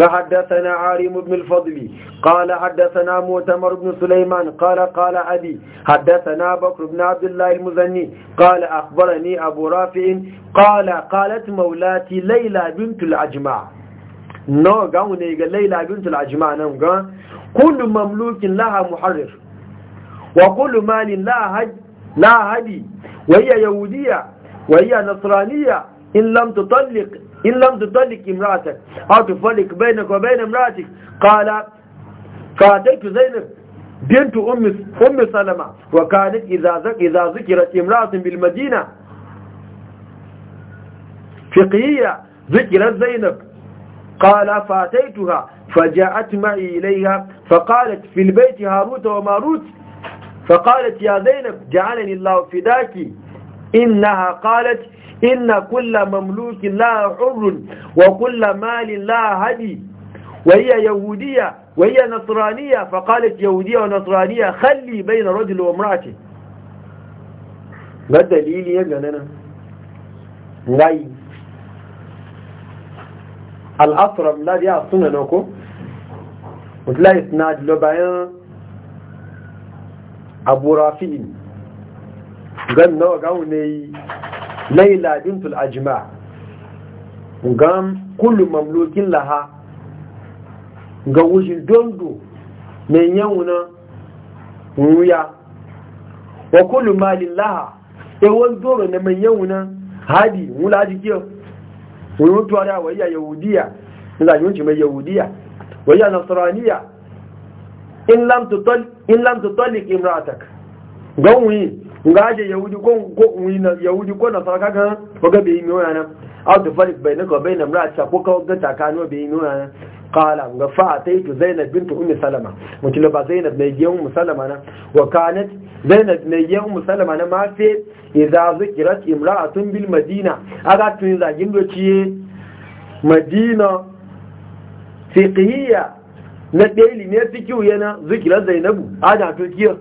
A: حدثنا عارم بن الفضل قال حدثنا مؤتمر بن سليمان قال قال أبي حدثنا بكر بن عبد الله المزني قال أخبرني أبو رافع قال قالت مولاتي ليلى بنت العجمع نو قاموا نيقى ليلى بنت العجمع نو كل مملوك لها محرر وكل مال لها هدي وهي يهودية وهي نصرانية إن لم تطلق إن لم تطلق امرأتك أو تفرق بينك وبين امرأتك قال فأتيت زينب بنت أم أم سلمة وكانت إذا إذا ذكرت امرأة بالمدينة فقهية ذكرت زينب قال فأتيتها فجاءت معي إليها فقالت في البيت هاروت وماروت فقالت يا زينب جعلني الله فداك إنها قالت inna kulla mamluki la hurrun wa kulla mali la hadi wa hiya yahudiyya wa hiya nasraniyya fa qalat yahudiyya wa nasraniyya khalli bayna rajul wa imra'ati ga dalili ya ganana ngai al-asram la ya sunana ko mutla isnad lo bayan abu rafi'in ganna ga ne laila bintul ajma gam kullu mamlukin laha ga wujin dondo mai yawuna wuya wa kullu malin laha ewon doro na mai yawuna hadi wula jikiyar wani mutuwa da wayya yahudiya na zajunci mai yahudiya wayya nasaraniya in lam tutallik imratak gawin nga yahudi ko ko wina yahudi ko nasara kaga baga be yi miwa nan aw da farik bainaka mura ta ko ka ga takano be yi miwa nan qala nga fa ataitu zainab bint ummi salama mutila ba zainab mai yayin ummi salama na wa kanat zainab mai yayin ummi salama na ma fi idza zikrat imra'atun bil madina aga tun gindo ci madina fiqhiya na daily ne fikiyu yana zikirar zainabu aga to kiyo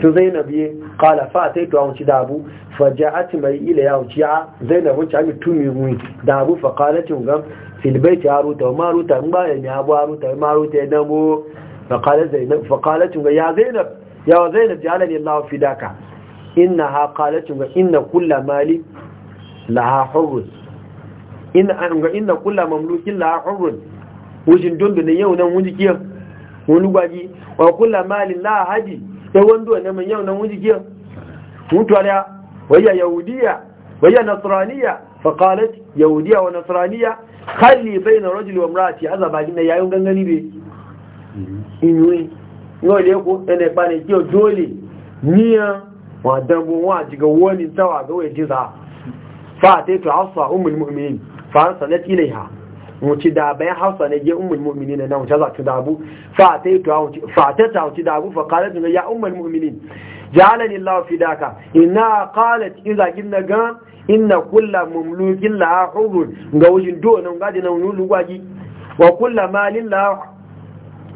A: to zainabu ye qala fa ataitu an ci dabu fa ja'at mai ila ya wuci zainab wuci ami tumi mu dabu fa qalat gam fil baiti aruta wa maruta in ba ya ni abu aruta wa maruta ya damo fa qalat zainab fa qalat gam ya zainab ya zainab ja'alani allah fidaka innaha qalat gam inna kulla mali laha hurun. inna an ga inna kullu mamlukin laha hurun. wujin dundu ne yau nan wuji wani gwaji wa kulla mali laha hadi ya wando ne mun yau nan wuji giya mutuwa da wayya yahudiya wayya nasraniya fa qalat yahudiya wa nasraniya khalli bayna rajuli wa imraati azaba da yayin gangani be inwe ngo le ko ene pa ne ki o dole niya wa dambu wa jiga woni tawa ga waje za fa ta ta asfa ummul mu'minin fa arsalat ilaiha wuce da bayan hausa ne ya ummul mu'minin na wuce za ta dabu fa ta ta wuce dabu fa qalat ya ummul mu'minin ja'alani Allah fi daka inna qalat idza kinna ga inna kullu mamlukin la hurun ga wujin do nan gadi nan nulu gwaji wa kullu malin la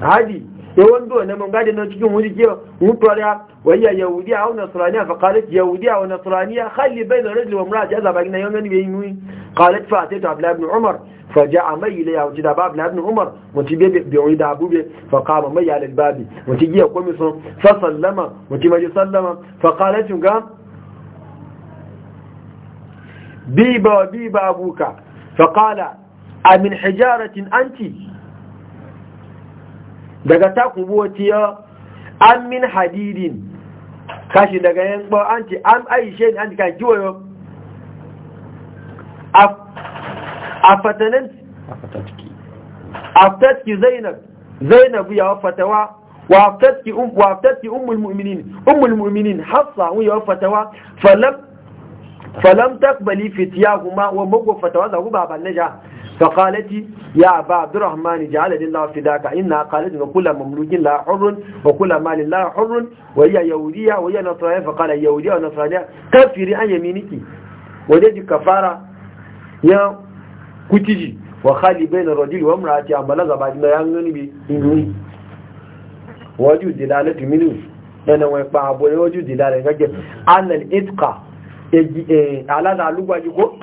A: hadi yawan do nan mun gadi nan cikin wuri ke mutuwa wayya yahudiya aw nasraniya fa qalat yahudiya aw nasraniya khalli bayna rajul wa imra'ati azaba gina yawan ne bai yi qalat fa ta abdullah ibn umar فجاء مي إليها وجد باب لابن عمر وتبيب بيويد أبوبي فقام مي على الباب وتجي يقوم فسلم وتمجي يسلم فقالت قام بيبا بيبا ابوك فقال أمن حجارة أنت دقتاك بوتيا ام من حديد كاشي دقا ينقبا انت ام اي شيء انت كان جوه afatananti aftatki zainab zainab ya fatawa wa aftatki um wa aftatki ummul mu'minin ummul mu'minin hafsa ya fatawa falam falam taqbali fityahuma wa magwa fatawa za ku baban naja فقالت يا أبا عبد الرحمن جعل الله فداك إنها قالت وكل مملوك لا حر وكل مال لا حر وهي يهودية وهي نصرانية فقال يهودية ونصرانية كفري عن يمينك وجدت كفارة يا kutiji wa khali na rajul wa imraati amma la zaba dina ya ngani bi inuni waju dilalatu minu dana wa pa abo waju dilale gaje anal itqa eji eh ala da lugwaji ko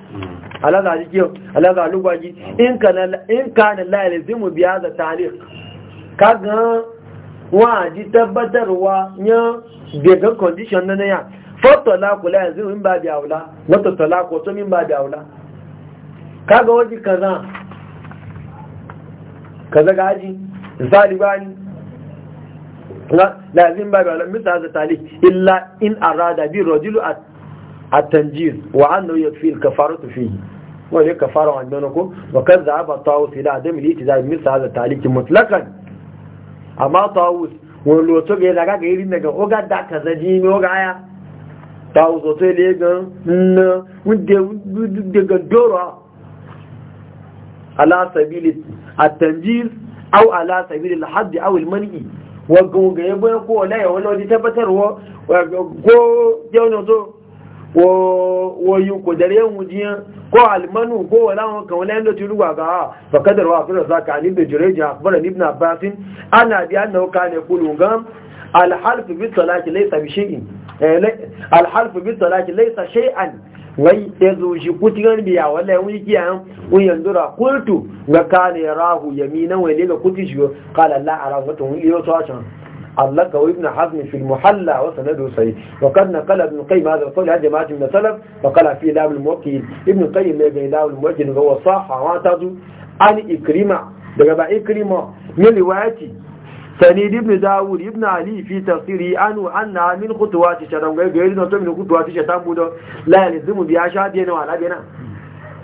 A: ala da ji ko ala da lugwaji in kana in kana la biya bi hadha tariq kaga wa ji tabbatarwa nya daga kondishon na ya fa talaqu yanzu yalzimu min ba bi aula wa talaqu to min ba biya wula. kaga waje kaza kaza gaji misali Na lazim ba ba lamisa za tali illa in arada bi rajulu at-tanjir wa annahu yakfi al-kafaratu fihi wa hiya kafaratu andanaku wa kadhaba tawus ila adam al a misal za tali mutlaqan amma tawus wani loto ga daga ga irin daga oga da kaza ji ne oga ya tawus to ile ga nna wudde ga dora ala sabili at-tanjiz aw ala sabili al-hadd aw al-man'i wa goga yabo ko wala ya wala di tabbatarwa ko yawon zo wo ko dare yan wujiya ko ko wala wọn kan wala yanda turu ga ah, fa kadar wa fira zaka ani bi jureji akbar ibn abbas ana bi annahu kana yaqulu gam bi wai ya zo shi kutiyar biya wallahi wani kiyaye wun yanzu da kultu ga kane ya rahu ya mina nan wani ga kuti shi kala Allah a rahu wata wuli yau tashin Allah ga wani hazmi fil muhalla wata na dosai wa kan na kala bin kai ma da kawai ya jama'a na salaf wa kala fi lamun mokil ibn kai mai bai lamun mokil ga wasa hawa ta zu an ikrima daga ba ikrima min سنيد بن داود ابن علي في تفسيره أنه أنها من خطوات الشيطان غير نطو من خطوات الشيطان بودو لا يلزم بها شادينا ولا بنا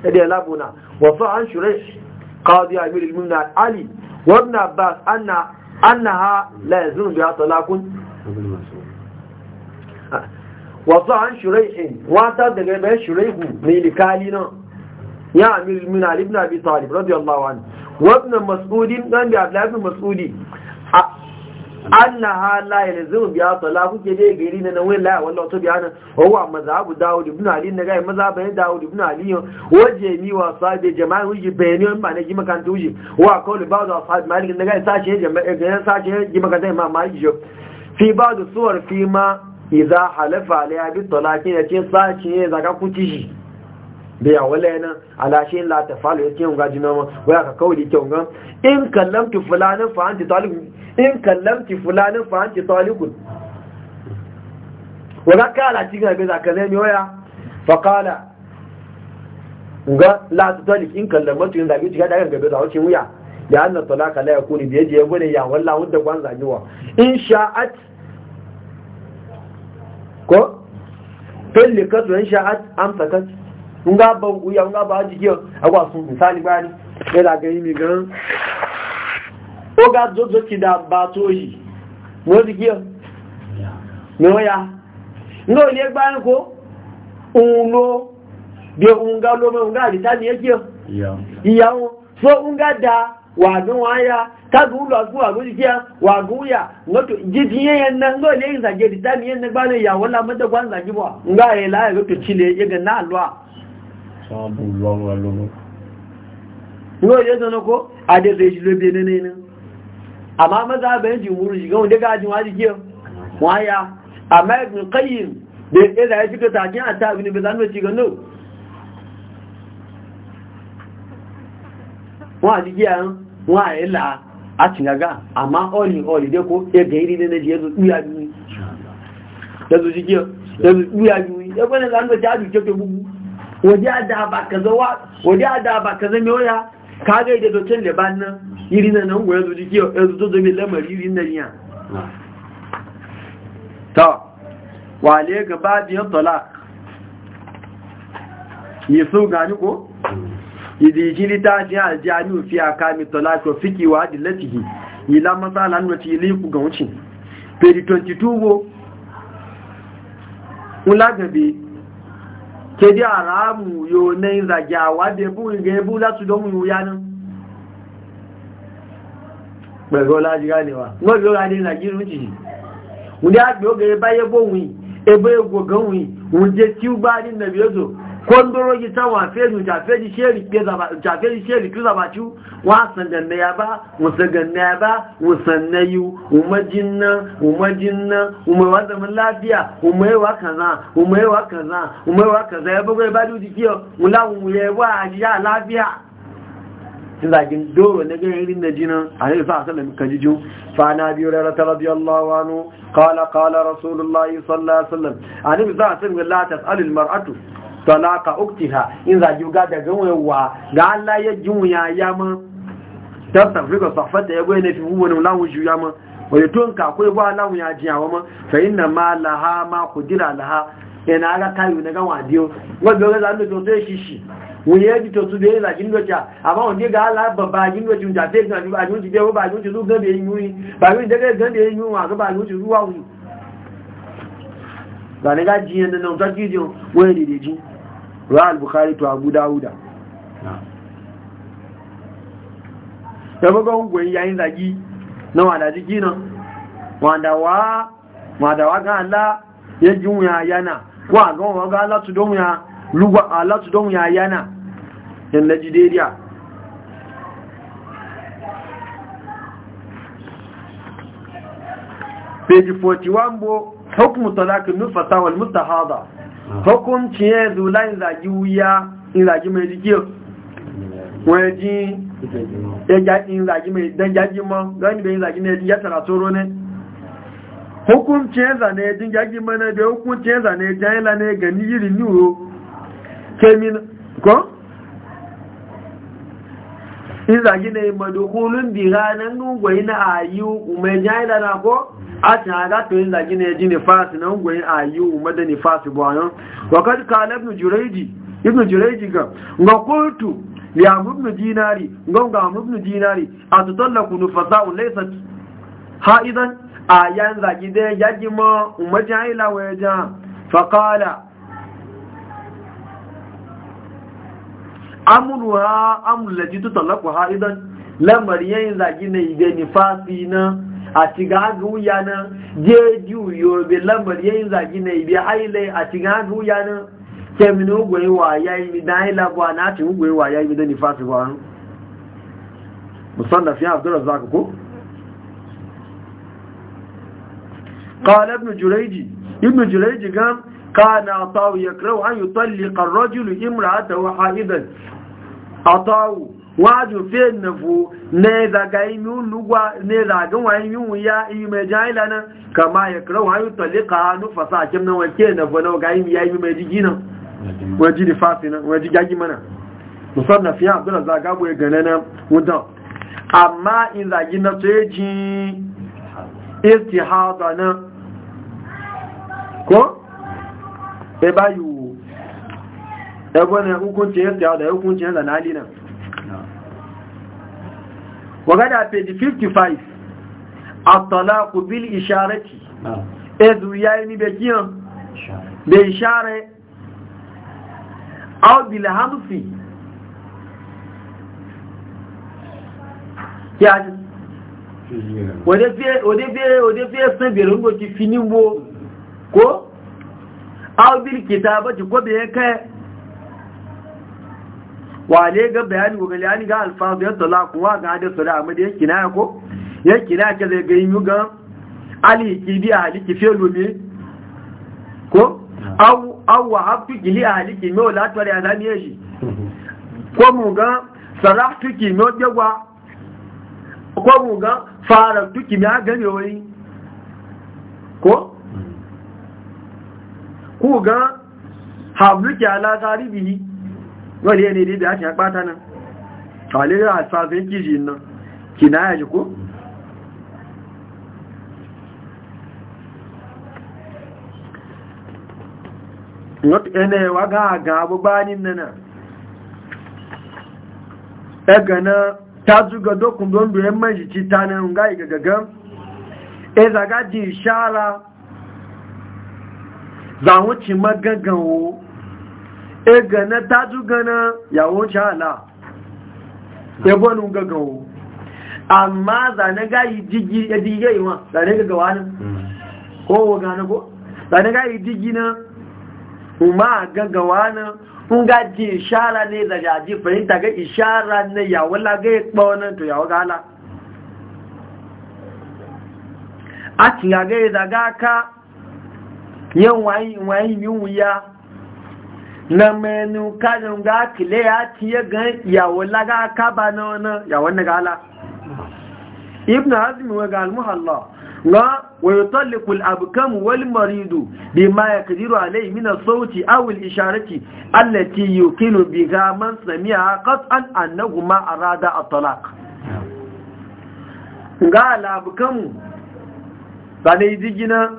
A: هذه لابنا وفع عن شريح قاضي أمير المؤمنين علي وابن عباس أن أنها لا يلزم بها طلاق وفع عن شريح واتى دغيبه شريح ميلكالينا يا أمير المؤمنين علي بن أبي طالب رضي الله عنه وابن مسعود قال عبد الله بن مسعود anna la yalzu biya talaku ke dai gari la wallahi to biya nan huwa mazhabu daud ibn ali ne ga mazhabin daud ibn ali wa wuji bayani on ba ne tuji wa kawli da malik ne eh, ma halafa bi talaqin zaka kuci da ya wala nan alashin la ta falo yake yunga jina ma waya ka kawai yake yunga in kallamti fulanin fa anti talib in kallamti fulanin fa anti talibun ka kala cikin abin zaka ne waya fa kala ga la ta talib in kallamtu yin zabi da daga gabe zawo ce wuya ya anna talaka la yakuni bi yadi yabune ya walla wanda gwan zagiwa in sha'at ko tallikat wa in sha'at amsakat nga ba wuya nga ba sun misali bani ya da gani mi gan ga da ba to ya nga le gba ko un lo unga lo nga ni jiki ya ya so unga da wa gun wa ya ka lo gun wa gun jiki wa gun ya ngoto jiki yen na ngo le za na le ya wala mo da kwan za ji bo nga e la e chile ye ga na
B: sábùlọ́rùn ẹlòmí
A: níwọ̀n ìjẹ́ sọ́nà kó adẹ́sọ èṣì ló bí ẹni amma ya àmá ẹ̀gbùn kẹ́yìn da ya da shiga takin a tabi ne ba za mu ci gano wọn a jigiya wọn a yi la a cinaga amma oli oli dai ko ya ga iri ne ya zo ɗuya biyu ya zo ya biyu ya ta bugu waje da ba ka zawa waje da ba ka zame waya ka ga da dokin da ban nan yiri nan nan goyo zuji kiyo yanzu to zame lamari yiri nan ya ta wale ga babiyar talak yi so gani ko idiji litafi aljami fi akami talak wa fiki wa adillatihi ila masalan wati liku ga wucin page 22 wo ulagabe kéde àràmù yóò ní ìrìnàjà àwádé bú ìrìn ebú látùdọ́mù ìwòyánú pẹ̀lú ọlájíká níwà wọ́n bí ó rà ní nàìjíríà jìí wùdí àgbẹ̀ ó gẹ̀rẹ̀ báyé bóhùn ẹgbẹ́ ogun gan wùí wùdí tí ó bá ní nàìjíríà kwandoroji ta wafe ju jafeji sheri tu san wasan me ya ba ga me ya ba wasan na yi umajin nan umajin nan lafiya, zaman lafiya wa kaza wa kaza wa kaza ya bugo ya du duji kiyo mulawun ya yi wa ya lafiya da gin doro na gani irin da jinan a yi sa asalin kajijin fana biyu allah wa nu kala kala rasulullahi sallallahu alaihi wasallam a nufi za a sun gula ta mar'atu talaka uktiha ha za juga da ganwewa ga Allah ya junya ya ta tafrika safata ya goye ne fi wani lawo juya ma wani tun ka akwai ba lawo ya jiya ma fa inna ma laha ma kudira laha yana kayu na ga wadiyo wanda zanu to ji to su da yana jin docha amma ga ba ba yi ba jin docha ga be yi a ga ba zane ga jiyan nan ta jiyan wani da ji ra al-bukhari to abu dawuda da baga ungwe yayin zagi na wada jiki nan wanda wa wada wa ga Allah ya ji wuya yana wa ga wa ga Allah tu don ya lugwa Allah tu don ya yana yan najideriya page 41 bo hukumu talakun nufasa wal mustahada hukunci ya zula in wuya in zagi mai jikiyo wajen in zagi mai dan jaji ma ne ya tara ya jin jaji mana da hukunci ya zane jayila yiri ni uro kemin ko in zagi ne madokulun bi ranar na ayi ume jayila na ko a cin hagata yin zagi na yaji nifasi na ungwayin a yi umar da nifasi bayan wakar kala ibn jiraiji ibn jiraiji ga ga kultu ya mubnu dinari ga ga mubnu dinari a tutallaku nufasa'un laisa ha'idan a yan zagi da ya ji ma umar jahila wa ya ja faƙala amurwa amurlaji ha idan. lamar yayin zagi na yi da nifasi na a hannu haka wuya nan jeji yobe lambar yayin zagi na ibi haile a cikin haka wuya nan kemini ugwai wa ya yi mi dan haila na cin ugwai wa ya yi mi dani ifasi ba wani musamman fiye abdullahi zaka ko قال ابن جريج ابن جريج قال كان عطاو يكره أن يطلق الرجل امرأته حائدا عطاو waju fe nafu ne daga yi lugwa ne daga wani yi ya yi mai jahila nan kama ya kira wani talika nufa sa kim nan wake na bana ga yi ya yi mai jigi nan waji da fasi nan waji gagi mana musar na fiye abdullahi zaga bu ya gane na wudan amma in zagi na tsoyeji istihada nan ko ebe yi wo ebe na hukuncin istihada hukuncin zanali nan wagada page 55 at-talaqu bil isharati ah. ezu yayi ni be kiyan be ishare aw bil hamsi ya wode fie wode fie wode fie san bere ngo ti fini wo ko ko wale ga bayani ga bayani ga alfazu ya talaq kuwa ga hadis sala amma da yake na ko yake na ke zai ga yin ga ali ki bi ali ki ko aw aw wa hafi gili ali ki me wala tare azami yaji ko mu ga sarahtu ki me gwa ko mu ga faratu ki me ga ne wai ko ku ga hablu ki ala garibi wani yanayi da ya shaƙa ɓata nan ƙwalin da alfafin kiji nan kinaya ji ko? yanayi wa ga gabu banin nana ɗaga ta zuga dokun don doyen majici ta nan ga e ji shara e gana ju gana yawon shala ya gwanu gagawo amma zane gayi jigi ya jige yi ma zane gagawa nan kowa gane ko zane gayi jigi na kuma gagawa nan kun gaji ishara ne da jaji fahimta ga ishara ne yawon lagayi kpawonan to yawon gala a cikin gagayi zaga aka yin wayi wuya na menu kanin ga kile ya ciye gan yawon laga kaba na wani yawon na gala ibn hazmi wa ga almuhalla na wa abkam wal maridu bima yaqdiru alayhi min as-sawti aw al-isharati allati bi ga man sami'a qat'an annahu ma arada at-talaq ga al-abkam digina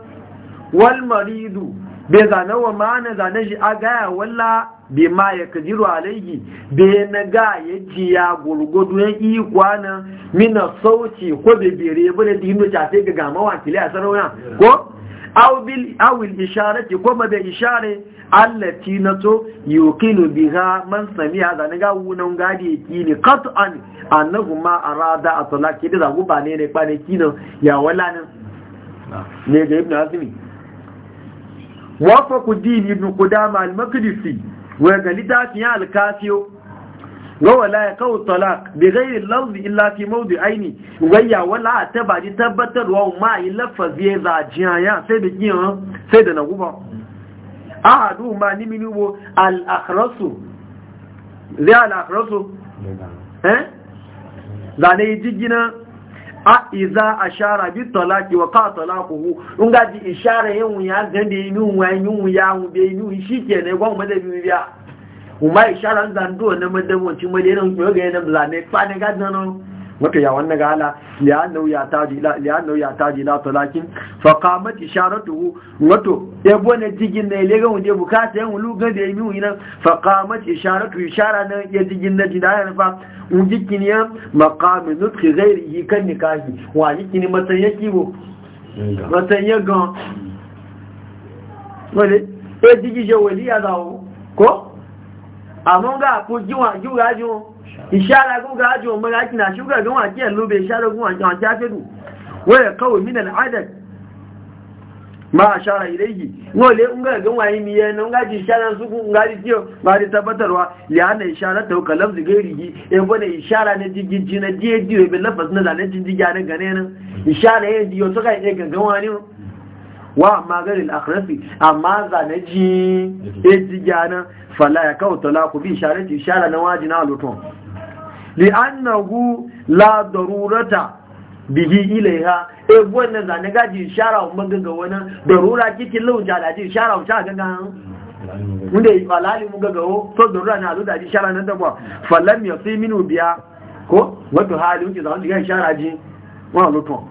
A: wal maridu bai zane wa ma'ana zane shi a gaya walla bai ma ya kajiru alaihi bai na ga ya ji ya gurgudu ya yi kwanan mina sauci ko bai bere ya bude dino ta sai ga gama wakili a sarauna ko awil isharati ko ma bai ishare allati na to bi ha man sami'a zane ga wunan gadi ya yake ne an annahu ma arada atlaqi da zagu ba ne ne kwanaki nan ya wala nan ne ga ibnu azmi wafaku din ibn qudama al-maqdisi wa ga littafin al-kafiyo wa wala yaqau talaq bi ghayri al-lafz illa fi mawdi aini wayya wala tabadi tabbatarwa ma yi lafazi ya zajiya sai da sai da naguba ahadu zai al a iza ashara bi talaki wa ka talaquhu in ga ji ishara yin ya ga da inu wa yin ya mu be inu shikenan gwan mu da bi biya kuma ishara zan do na madawanci madanin ko ga yana blame pa ne maka ya wannan gala ya taji ila li'annahu ya taji ila talakin fa qamat wato ya bone jigin ne ilega wunde bukata yan wulu ga da yimi winan fa qamat isharatu ishara na ya jigin na jidaya fa unjikin ya maqam nutqi ghairihi kan nikahi wa yikini matan kibo matsayi matan yagan wale ya e jigi je wali ya zawo ko amma ga ko jiwa jiwa jiwa ishara kun ga ajiyo mara aki na shuga gan waki yallo bai ishara kun waki waki ya fedu waya kawai min al'adad ma a shara ilaihi wale in ga gan wayi miye nan ga ji ishara su kun ga ji ciyo ba da tabbatarwa ya hana ishara ta kalam su gairi gi e bane ishara na jigiji na diye diye bin lafas na zanen jijigi a nan gane nan ishara ya diyo su ka iya gangan wani wa magarin akhrafi amma zane ji ya e jigana fala ya kawo talaku bi isharati ishara na wajina a luton li'annahu la darurata bihi ilaiha e wannan zane gaji ishara mun ganga wani darura kiki lauja da ji ishara wuta ganga wanda yi falali mun ganga ho to darura na alu da ji ishara nan dabwa falam yasi minu biya ko wato hali wuce zaman diga ishara ji wa luton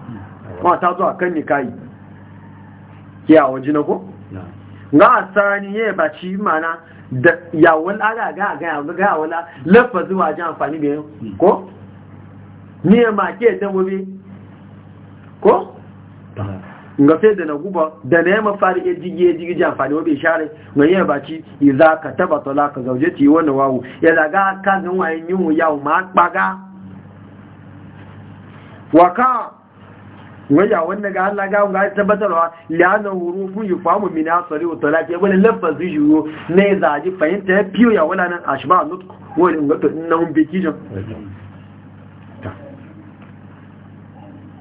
A: wa ta zuwa kan ni kai kiyawo jina ko ga asani ye baci mana da yawon ala ga ga gaya ga yawon zuwa wajen amfani da yau ko? ni ya maki ya damobe ko? ga fe da na guba da na yamma fari ya jigi ya jigi amfani wa bai share ga yi baci iza ka taba tola ka zauje ti wani wawu ya zaga kan nan wayan yin yawo ma kpaga waka waya wanda ga Allah ga ga tabbatarwa liana hurufu yufamu min asari wa talaqi wala lafazi yuro ne zaji fahimta ya fiyo ya wala nan ashba nut wani ngato na biki beki jan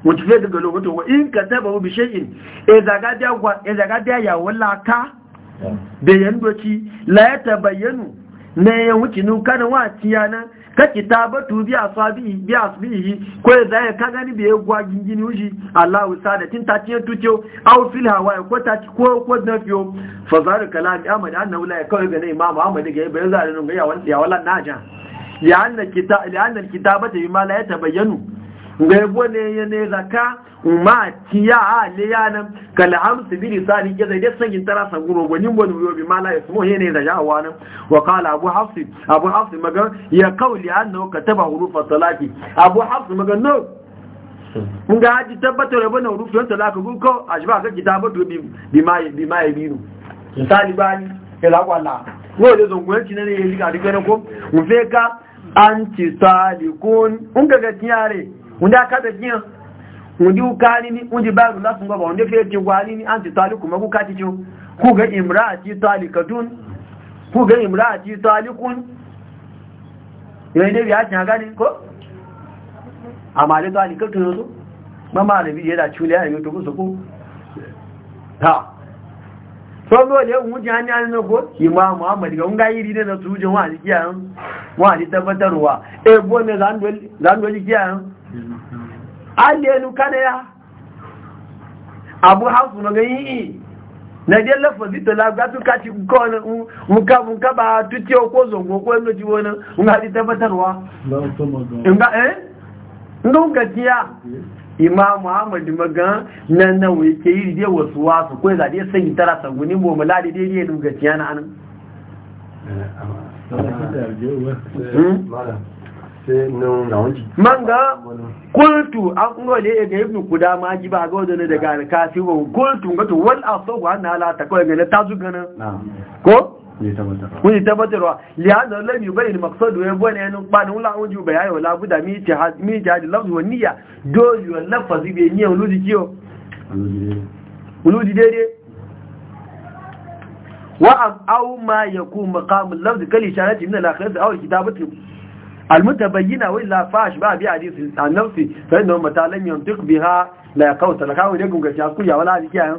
A: mutufe daga lokacin wa in ka taba bi shay'in e zaga da gwa e da ya wala ka da doki la ya tabayyanu ne ya wuce nu kana wa tiyana ka kitabatu bi asabi bi asbihi ko ya ka gani bi egwa gingini uji Allahu sada tin ta tiyo tuciyo aw fil hawa ko ta ko ko da fiyo fa zar kalam Ahmad annahu la yakau ga ne Imam Ahmad ga za zarin ga ya wani ya wala naja ya anna kitab ya anna kitabata ma la yatabayyanu ga ne ya ne zakka ma ci ya a le ya nan kala hamsu bi lisani ke zai san gin tara san guro gwanin wani yo bi mala ya sumo hene da jawa nan wa kala abu hafsi abu hafsi maga ya kauli annahu kataba hurufa salati abu hafsi maga no mun ga haji tabbatar da bana hurufin talaka gun ko jiba ga kitabatu bi bi mai bi mai binu misali bani la kwala wo da zongon ci ne ne ya da dukkan ko mu fe ka anti salikun mun ga ga tiyare mun da ka da tiyan Undi wuka undi wani bayaru lasun gaba wani fiye tali kuka ci cin tali kadun ku ga tali kun yau biya ko a tali kakkan yanzu ma malami yana cule a yi tukusa ko ta sọ́lọ́ ilẹ̀ ohun jẹ́ ní àrínàkó ìmọ̀ àmàmàdì ga ǹgá yìí rí náà tó jẹ́ wọ́n àti kíyàn wọ́n àti tabbatarwa ẹgbọ́n ní zanúwẹ́lì kíyàn aliyanu kana abu hausu na ganyi na je lafazi to lagatu ka ci ko muka muka ba tuti ko zongo ko no ji wona mun hadi tabbatarwa nga eh nga ka imam muhammad magan nan na wai ke yi dai wasu wasu ko za dai san tara sanguni bo muladi dai dai dum ga tiya na anan
B: manga
A: kultu an wale ga kuda ma ji ba ga wadanda daga alkafi wa kultu ga to wal asabu an ala ta kawai ga ta zuga na ko kun tabbatarwa li hada lam yubayin maqsadu ya bane nan bani wala an ju bayani wala buda mi ti had mi ti had wa niyya do yu lafaz bi niyya uludi kiyo uludi dede wa au ma yakun maqam lafz kal isharati min al-akhir aw kitabati almutabayyina wa illa fash ba bi hadisi an nafsi fa inna mata lam yantiq biha la yaqawta la kawo ne gunga ta ku ya wala hadisi yan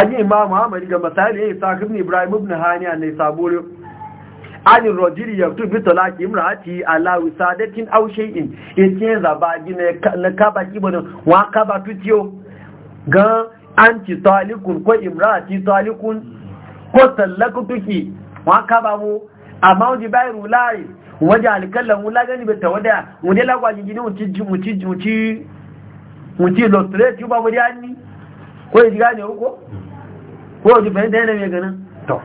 A: aji imam Muhammad ga misali ya isa ibn Ibrahim ibn Haniya ne saburo ani rajuli yaktu bi talaqi imraati ala wisadatin aw shay'in yace zaba gina na kaba kibana wa kaba tutiyo ga an ci talikun ko imra ci talikun ko tallaku tuki wa ka ba mu amma wuji bai rulari waje alkalan wula gani bai tawada wani lagwaji gini muci illustrate ba wuri hannu ko yi jiga uko? ko wuji fahimta yana mai ganin to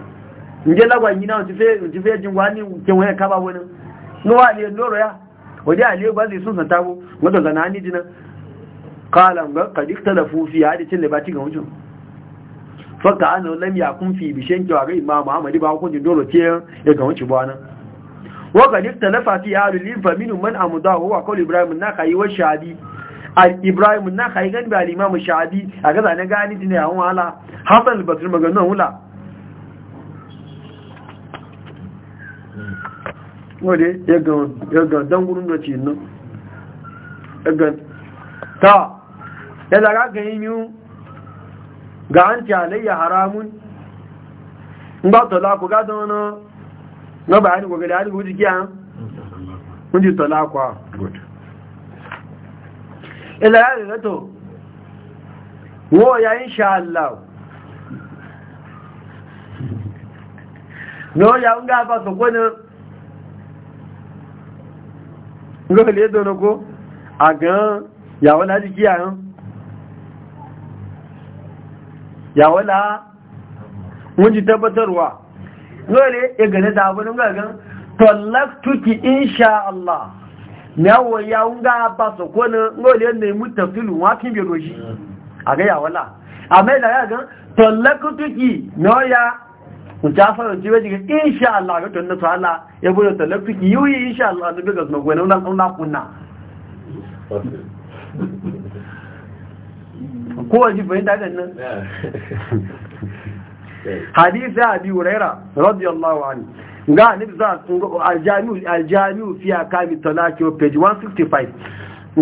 A: wuje lagwaji na wuci fiye jin wani kewaye ka ba wani nuwa ne loro ya waje aliyu ba zai sun santa ko wadda zana hannu jinan kalan ga kadik talafu fi hadi cin libati ga mutum faka an lam yakun fi bishen kiwa ga imam Muhammadu ba hukuncin dole ce ya ga wuce ba nan wa kadik talafa fi ahli lin fa minhum man amda huwa qawl ibrahim nakai wa shadi al ibrahim nakai gan ba al imam shadi a ga zane gani din ya wala hasan al-basri maganan wala wade ya ga ya ga dan da ci nan ta da zaga ga yi miyu ga hanci alayya haramun in ba tola ku ga zaune na bayani gobe da ya rubuta kiya kun ji tola kwa ila ya rigato wo ya insha Allah no ya nga ba so gona ngole do no ko agan ya wala di kiya han ya wala mun ji tabbatarwa dole ya gane da abin ga gan tallaqtuki insha Allah yawo ya unga ba so ko ne dole ne mu tafsilu wa kin bi roji a ga ya wala amma da ya gan tallaqtuki no ya mu ta fara ji ba diga insha Allah ga tunna to Allah ya bude tallaqtuki yi insha Allah da ga gona na kunna kowa ji fahimta da nan hadisi biyu Raira radiyallahu anhu ga annabi za aljami'u aljami'u fi kami talaki page 165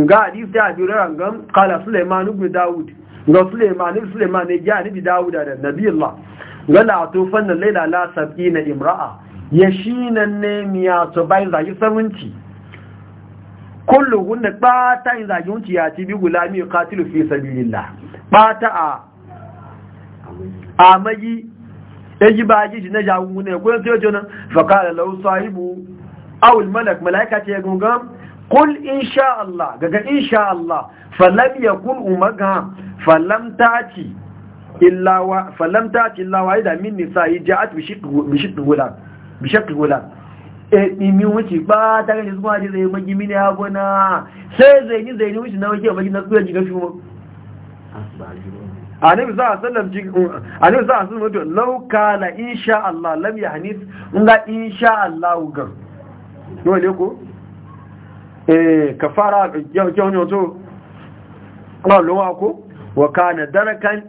A: ga hadisi biyu Raira ngam kala Suleimanu ibn dawud ga Suleimanu ibn sulaiman ne ga annabi daud da allah ga la tufan laila la sab'ina imra'a nan ne miya to bayan zaki 70 kullu hunna bata in zagin ciya ci bi gulami qatilu fi sabilillah bata a amaji yaji baji shi na jawu ne ko sai jona fa qala law sahibu aw al malak malaika ce gungam qul insha Allah gaga insha Allah falam yakun umaga falam tati illa wa illa wa ida min nisa'i ja'at bi shiqqi bi gulam bi shiqqi gulam ɗimin e, wuce ba ta gani zuwa ji zai magi mini agona sai zai yi zai ni wuce na wake magi na tsoya jiga shuma a nabi za a sallam wato lauka na insha Allah lam ya hanif nga insha Allah wugan yau ne ko eh ka fara kyau ne wato ƙwallowa ko wa na darakan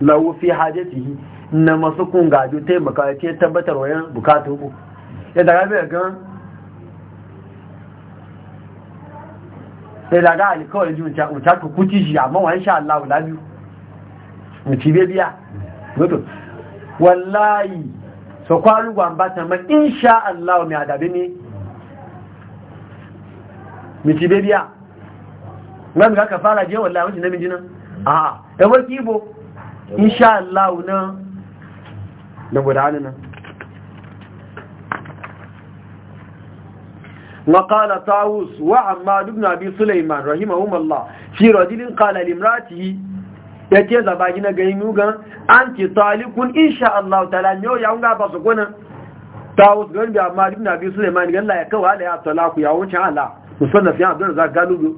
A: lahu fi hajjatihi na masu kun gajo taimaka ce tabbatar wayan bukatu ku ẹ̀dàrà bẹ̀rẹ̀ gan ẹ̀dàrà àlìkọ́ ìlú ìtàkùkú tí àmọ́ wọ́n ń ṣe àláwò lábí ìtì bébí à gbọ́dọ̀ wọláyì sọ̀kọ́ arúgbà ń bá tàn ń ṣe àláwò mi àdàbí ní ìtì bébí à wọ́n mi ká jẹ́ wọ̀lá àwọn وقال طاووس وعماد بن أبي سليمان رحمهما الله في رجل قال لامرأته yake zaba gina ga yin yugan an talikun insha Allah ta'ala yau ya unga ba su gona tawus gan bi amma ibn abi sulaiman gan la ya kawa la ya talaku ya wuce ala musannaf ya abdul razak galugo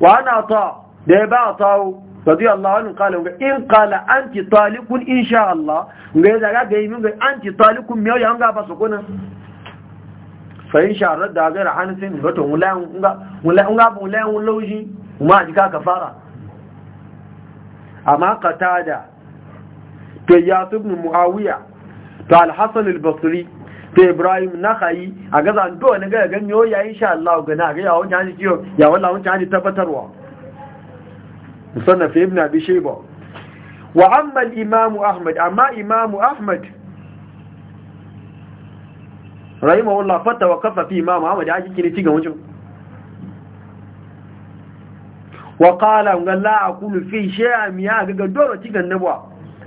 A: wa ana ta da ba tawo radiyallahu anhu qala in qala anti talikun insha Allah ngai za ga yin yugan anti talikun yau ya unga ba su gona fayin sharar da gaira hannun sai zubatun wula'un wula'un laushi kuma a jika ka fara amma kata da ta yasu ibn muawiya ta alhassan albasiri ta ibrahim na kayi a gaza dowa na gaya ganyo ya yi sha Allah gana gaya wancan jihani kiyo wala wancan jihani tabbatarwa musamman fi ibn abi sheba wa amma imamu ahmad amma imamu ahmad rahimahullah fata wa kafa fi imam Ahmad ya ji kini cigan wucin wa qala an la aqulu fi shay'a miya ga doro cigan nabwa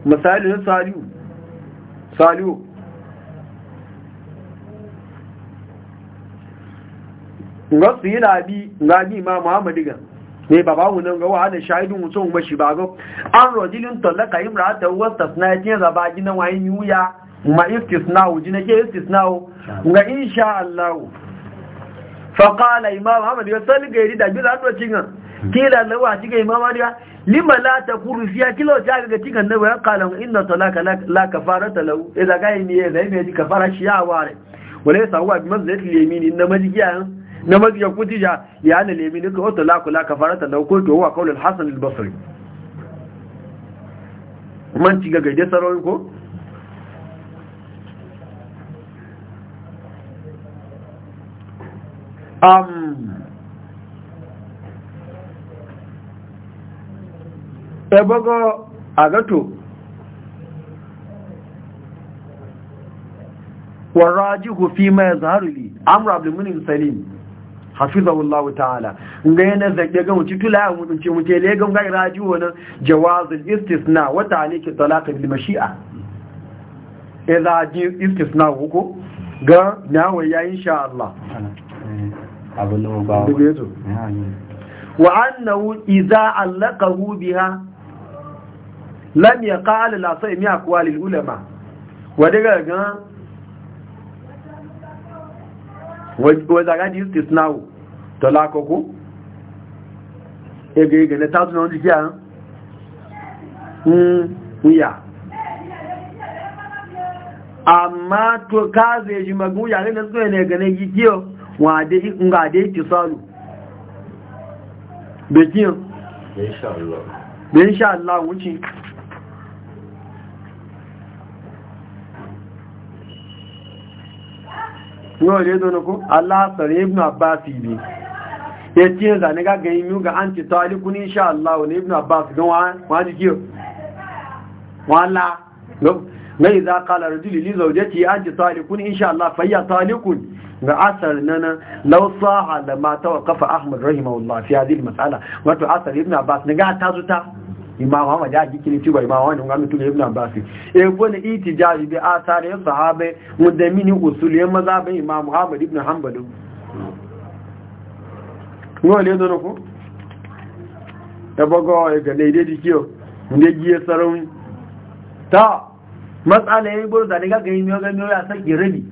A: na saliu saliu ga su yi labi ga bi imam Ahmad ga ne baba mu nan ga wa da shahidun mutum ba shi ba ga an rajulin talaka imra'ata wa tasna ya zaba gidan wayin yuya ma istisnawo jina ke istisnawo ga insha Allah fa qala imam Muhammad ya sal gairi da bila to cinga kila lawa cinga imam Ahmad lima la takuru fiya kila ta ga cinga na wa qala inna talaka la kafarata e lahu idan ga ni ya zai mai kafara shi ya ware wala sa huwa bi manzilati al-yamin inna majiya eh? na majiya kutija ya na al-yamin ka wata la kafarata lahu ko to huwa qawl al-hasan al-basri man ciga gaide sarawin ko am ebogo agato ku fi ma yazharu li munin abdul munim salim hafizahullahu ta'ala ga yana zaƙe ga mutu tula ya dince mu mutum. le ga ga raji wani jawazul istisna ne ke talaq bil mashi'a idza ji istisna huko ga nawa ya sha'allah Allah
B: abu na ba
A: wa annahu idza allaqahu biha lam yaqal la sai mi aqwal al ulama wa daga ga wa daga di istisna'u talako ko ege ege ne tatu na ndiki an mm ya amma to kaze ji magu ya ne so ne ga ne giyo nga ade ti salu bekiyan da insha Allah wuce yau ne zo Allah tsare ibn Abbas ne ya ce zane ga gani mu ga an ci talikun insha Allah ne ibn Abbas don wa jiki wa Allah na iza kala rajuli li zaujati anti talikun insha Allah fa ya talikun ga asar nana law saha da ma tawaqqafa Ahmad rahimahullah fi hadhihi al-mas'ala wato asar ibn Abbas ne ga ta zuta imam Ahmad ya ji kini tiwa imam wani ga mutum ibn Abbas e bone itijaji bi asar ya sahabe mudamini usul ya mazhabin imam Ahmad ibn Hanbal ngo le dono ko e bogo e ga ne ide dikio ndeji e ta matsala ya yi goro da ga gani miyo gani ya saki rabi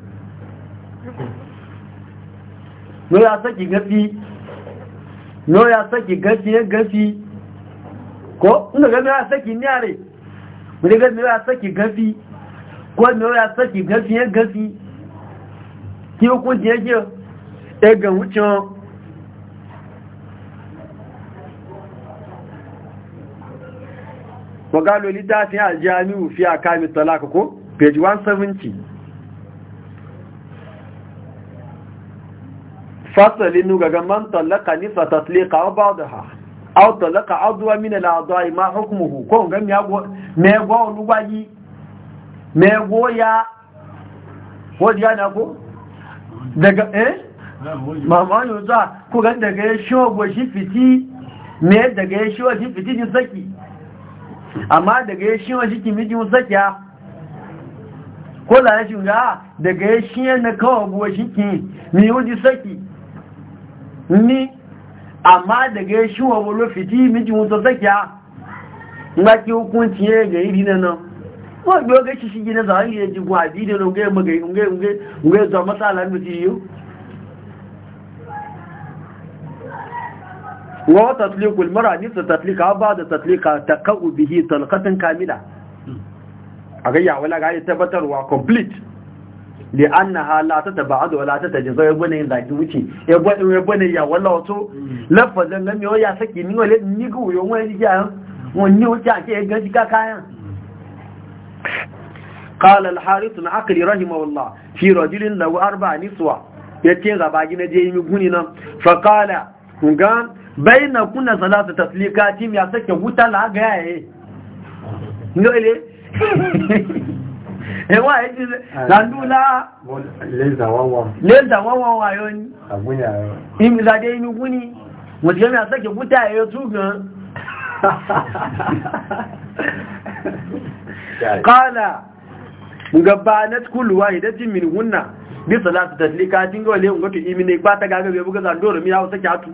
A: no ya saki gafi no ya saki gafi ya gafi ko inda gani ya saki niyare wani gani ya saki gafi ko miyo ya saki gafi ya gafi ki hukunci ya ke egan wucin وقالوا لدافع يعني الجامع في أكام الطلاق كو page 170 فصل إنه من طلق نصف تطليقها وبعضها أو طلق عضوا من الأعضاء ما حكمه كون قم يقوى نواجي ميقوى يا wadda ya? ko daga eh mamanu za ku gan daga ya shi wa shi fiti me daga ya shi wa shi fiti ji saki amma daga ya shi wani shi miji musakiya ko da ya shiga daga ya shi na kawo buwa shi ki ni wuji saki ni amma daga ya shi wa fiti miji musakiya ba ki hukunci ya ga iri na nan wọ́n gbé shi ṣíṣí jí náà sàárì ẹjì gun àbí ìdẹ̀nà ọgẹ́ ẹgbẹ̀gẹ̀ ọgẹ́ ọgẹ́ wa tatliqul mar'a nisa tatlika ba da tatlika takau bihi talqatan kamila aga ya wala ga tabbatarwa complete li annaha la tataba'adu wa la tatajaza ya bane zaki wuce ya bane ya bane ya wala wato lafazan ga miyo ya saki ni wale ni go yo wani ya wani wuce ake ga ka kayan قال الحارث بن عقل رحمه الله في رجل له اربع نسوه yace gaba gina je yi guni nan fa qala kungan bai na kuna salatu taslika tim ya sake wuta la ga yaye eh. ngole (laughs) ewa eji eh, eh, landula leza wawa leza wawa wayo ni agunya im za dai ni guni mo je mi a sake wuta yayo tu gan (laughs) kala gabanat kullu wahidatin min hunna bi salatu taslika tin gole ngoto imi ne ba ta gaga be buga zandoro mi yawo sake atu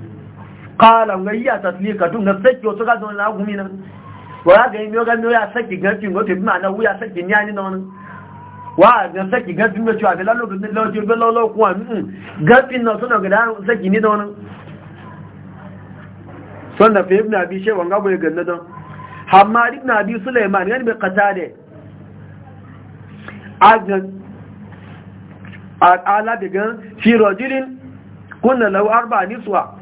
A: kala nga iya ka tun na sake wasu ga zaune na gumi nan wa ga yi miyo ga miyo ya sake ga tun ga tafi ma'ana wuya sake ni ani na wani wa ga sake ga mai ga cewa bi lalo bin lalo bin lalo kuwa ga tun na suna ga da sake ni na wani son da fahimta na bi shewan wanga bai ganna don hamad ibn abi e sulaiman yani bi qatade a ala daga fi rajulin kunna law arba niswa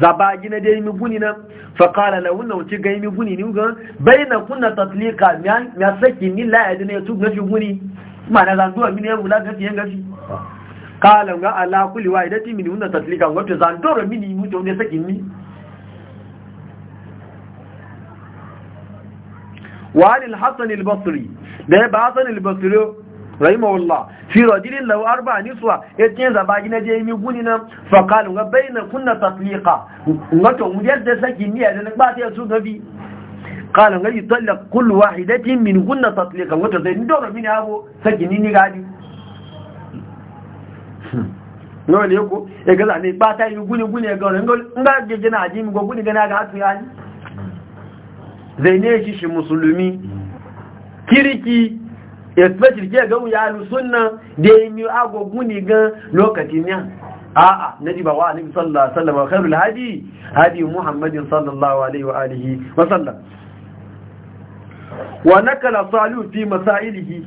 A: zaba gina dai mi buni na? fa qala la wunna wuci ga mi buni ni ga baina kunna tatliqa ya saki ni la ya dina tu gashi buni na zan duwa mini yau ga gashi yan gashi qala ga ala kulli waidati min wunna tatliqa wato zan dora mini mu to ne saki ni wa al hasan al basri da ba hasan al basri rahimahullah fi rajulin lahu arba niswa yace je mi guni nan fa qalu kunna tatliqa ngato mu saki da ba ta su gabi qala kull wahidatin min kunna tatliqa ni mini saki ni ni gadi no ne ko e ga ba ta yi guni guni ga ngol nga je mi go guni ga yani zai musulmi kiriki especially ke ga ya lu sunna da yi mi ne gan lokacin a a'a naji ba wa annabi sallallahu alaihi wasallam khairul hadi hadi muhammadin sallallahu alaihi wa alihi wa sallam wa nakala salu fi masailihi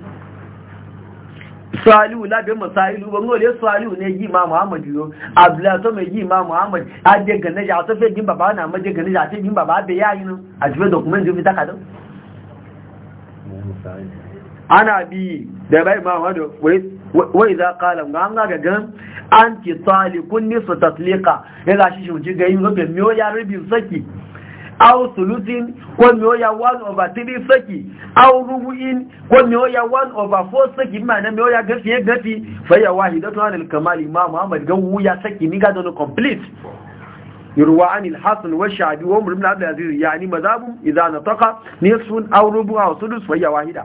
A: salu la bi masailu ba gole salu ne yi ma muhammadu yo abla to me yi ma muhammad aje gane ja to fe gin baba na maje gane ja te gin baba be no a jibe document jo mi takado ana bi da bai ma wado wai za kala ga an ga gan an ki tsali talikun nisu tatlika ya za shi shi ga yi ga miyo ya rubin saki au sulutin ko miyo ya 1 over 3 saki au rubu'in ko miyo ya 1 over 4 saki ma na miyo ya gafi ya gafi fa ya da anil kamali ma muhammad gan ya saki ni ga da complete يروى عن الحسن والشعبي وهم بن عبد العزيز يعني مذهب اذا نطق نصف او ربع او ثلث فهي واحده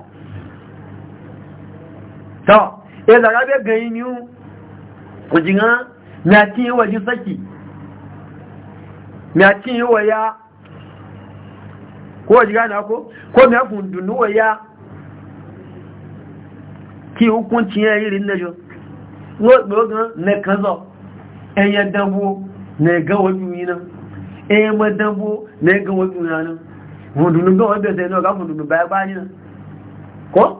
A: to ya eh, zaga bai gani ni ku jinga na ti yi waje saki na ti yi ya? ko wa waje gana ko ko na wa ya ki hukunci ya yi rin na jo gbogbo na kazo ẹyẹ dambo na ẹgá wọ́n yi nan ẹyẹ mọ́ dambo na ẹgá wọ́n yi nan gundunu bẹ́ wọ́n bẹ̀ sẹ́yìn náà ga gundunu bá ya bá ní nan ko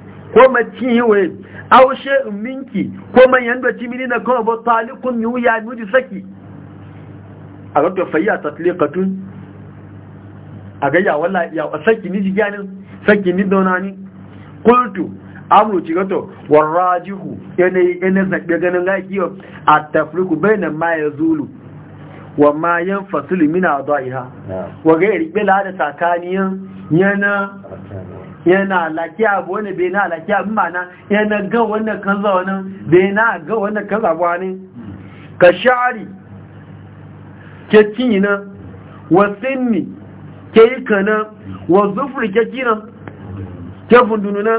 A: ko maciwe aushe minki ko man yanda timini na ko ba talikun yu ya mudi saki a to fayya tatliqatun a ga ya wala ya saki ni jigani saki ni donani qultu amru cigato warajihu ene yana zabe ganin kiyo at tafriqu baina ma yazulu wa ma yanfasilu min adaiha wa ga ribe la da sakaniyan yana yana laki abu wani bai na laki abu mana yana ga wannan kan wani, bai na ga wannan kan zabu wani ka shari ke cina wa sinmi, ke yi kana wa zufuri ke kina ke fundununa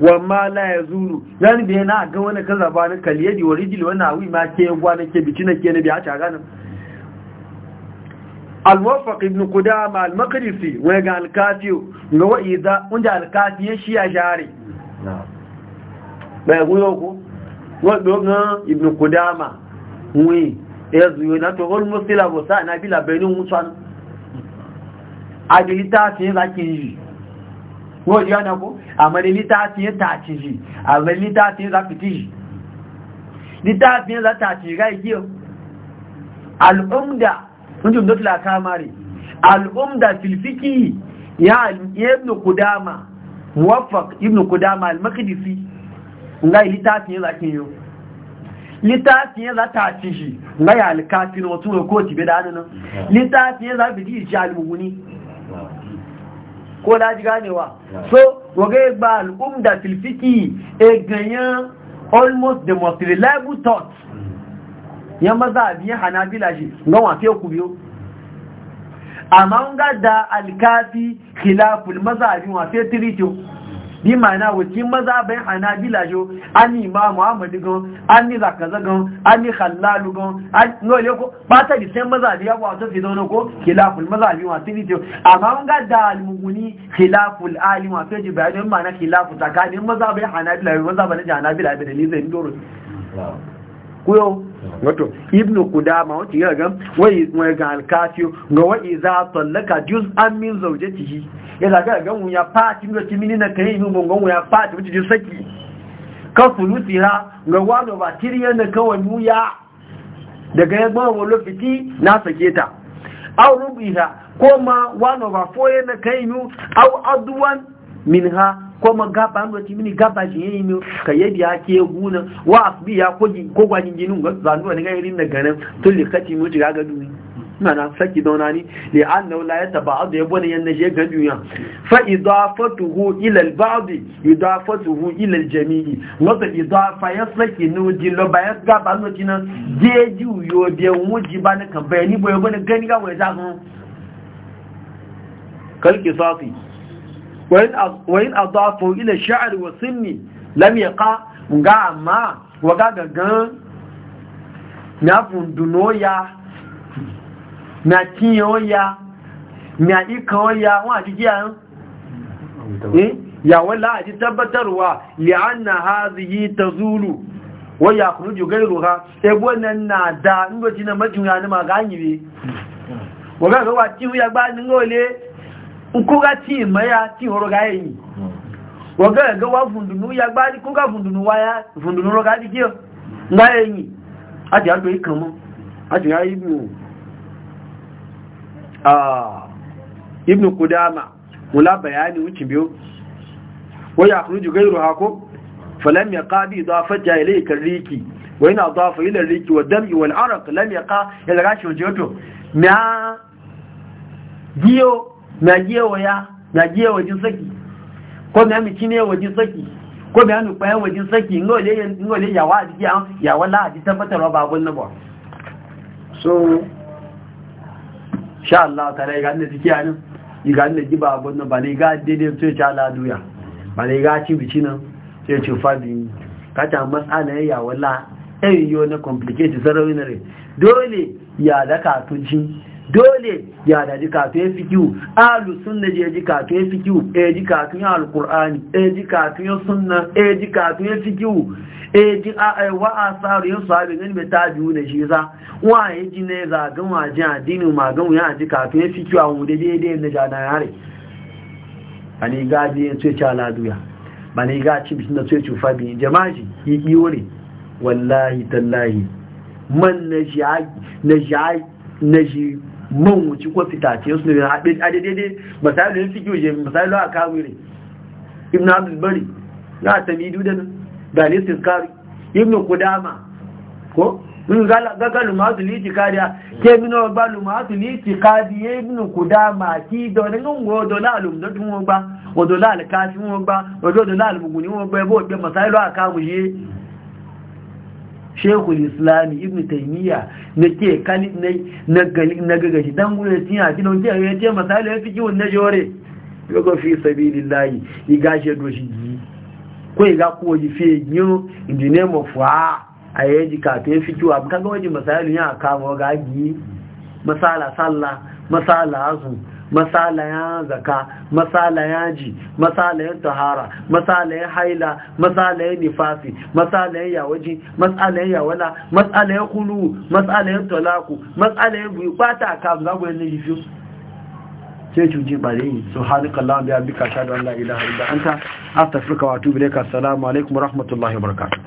A: wa ma la ya zuru yani bai na ga wannan kan zabu wani kaliyadi wa rijili wani awi ma ke gwanan ke bicina ke na biya a ganin almuwafaq ibn qudama al-maqdisi wa ga al-kafiyu ga wa idza unda al-kafiye shi ya share ba guyo ko wa dogan ibn qudama wi ezu na to hol musila bo sa na bila beni musan adilita ti la kinji wo ya na ko amadilita ti ta kinji amadilita ti la pitiji lita ti la ta ti ga yi al'umda mutum da tulaka mare al'umda filfiki ya ibn kudama muwaffaq ibn kudama al-maqdisi ngai litafin ya zakin yo litafin ya zata ci shi ngai al-kafin wato ko tibe da nan litafin ya zabi di shi al-muguni ko da ji ganewa so wage ba al'umda filfiki e ganyan almost the most reliable thought yan mazhabi hanabila shi wa wafe ku biyo amma ga da alkafi khilaful wa wafe tirito bi ma'ana wakil mazhabin hanabila jo an imam muhammad gan an ni zakaza gan an ni khallal gan an no le ko ba ta di sai mazhabi ya wato fi dono ko khilaful mazhabi wa tirito amma ga da almuguni khilaful alim wa fi bayan ma'ana khilafu tsakanin mazhabin hanabila mazhabin hanabila da dalilin doro kuyo wato ibn kudama wato ya ga wai mai ga alkafiyo ga wai za tallaka juz an min zawjatihi ya zaga ga mun ya fati mai ci minina kai mun gongon ya fati mun ji saki ka fulutiha ga wano ba tiriya na kawai mu ya daga ya gbara wa lofiti na sake ta rubi ha ko ma wano ba foye na kai mu aduwan min ha. kuma gaba an wata mini gaba shi yayi ne ka yabi ya ke guna wa asbi ya ko ko gwajin ginin ga zanuwa ne ga irin da ganin tulli kati mu ga ga duni mana saki dauna ni li annahu la yataba'adu ya bani yan naje ga duniya fa idafatuhu ila al-ba'd idafatuhu ila al-jami'i wata idafa yasaki nu jillo bayan gaba an wata nan jeji yo de ji ba ne kan bayani boye bane gani ga wai za mu kalki safi wayin adafo ila sha'ar wa sinni lam yaqa ga amma wa ga gangan na funduno ya na kiyo ya na iko ya wa jiya eh ya wala aji tabbatarwa li'anna hadhihi tazulu wa yakhruju ghayruha e wannan na da ngoji na majuya ne ma ganyi be hmm. wa ga ga wa tihu ya gba ni ngole ukuga ti maya ti horoga yi woga ga wa fundunu ya gba di kuga fundunu wa ya fundunu roga di kio nga yi a ti ando ikan mo a ti ya ibnu ah ibnu kudama mula bayani wuce biyo wa ya khruju ghayru hako falam yaqa bi idafati ilayka riki wa ina adafa ila riki wa dam'i wal araq lam yaqa ila gashu jato a biyo na gewaya na gewa wajen saki ko na miki ne wajen saki ko da hannu kwayan wajen saki ngole yawa a jiki yawa la a ji tabbatarwa babun na ba so sha Allah ta rai ga inda jiki hannun iga inda ji babun na ba ne ga daidai to ya ci ala duya ba ne ga ci bici nan sai ce fadi kata matsala ya yawa la ɗan eh yi na complicated sarari na rai dole ya da katunci dole ya da ji kato ya fi kiwu alu sunna je ji kato ya fi kiwu e ji kato ya alkur'ani e ji kato ya sunna e ji kato ya fi kiwu e ji e, wa asaru yin sahabi gani bai ta biyu da shi za wa ya ji ne zagan ma addini magan ya ji kato ya fi kiwu a wunde daidai na jana yare a ne gaji ya ce ca laduya ba ne gaci bishin da ce cufa biyu jama'a shi yi biyo ne wallahi tallahi man na shi man wuce ko fitace su ne a daidai misalin fikiyo je misalin a kawiri ibn abdulbari na tamidu da nan ga listin kari ibn kudama ko min gaga lumatu litikadiya ke min wa ba lumatu litikadiya ibn kudama ki da wani gungo dola alumdatun wọn ba wa dola alkafin wọn ba wa dola almuguni wọn ba ya bo masailo a shehu islami ibn taimiyya na ke na gagashi don gudun tiya gidan ke ya ce misali ya fi kiwon na jore yago fi sabili layi iga ṣe doshi yi ko iga kuwa ji fi yiwu in the name of wa a yi ji ya fi kiwo abu kaga wajen misali ya kama ga yi masala sallah masala azun masalayan zaka masalayan ji masalayan tahara masalayan haila masalayan nifasi masalayan yawaji masalayan yawala masalayan kulu masalayan talaku masalayan buyi bata ka za ku yanzu jifi sai cuji bare yi su halika Allah biya bika sha da Allah ilaha illa anta astaghfiruka wa atubu ilayka assalamu alaikum wa rahmatullahi wa barakatuh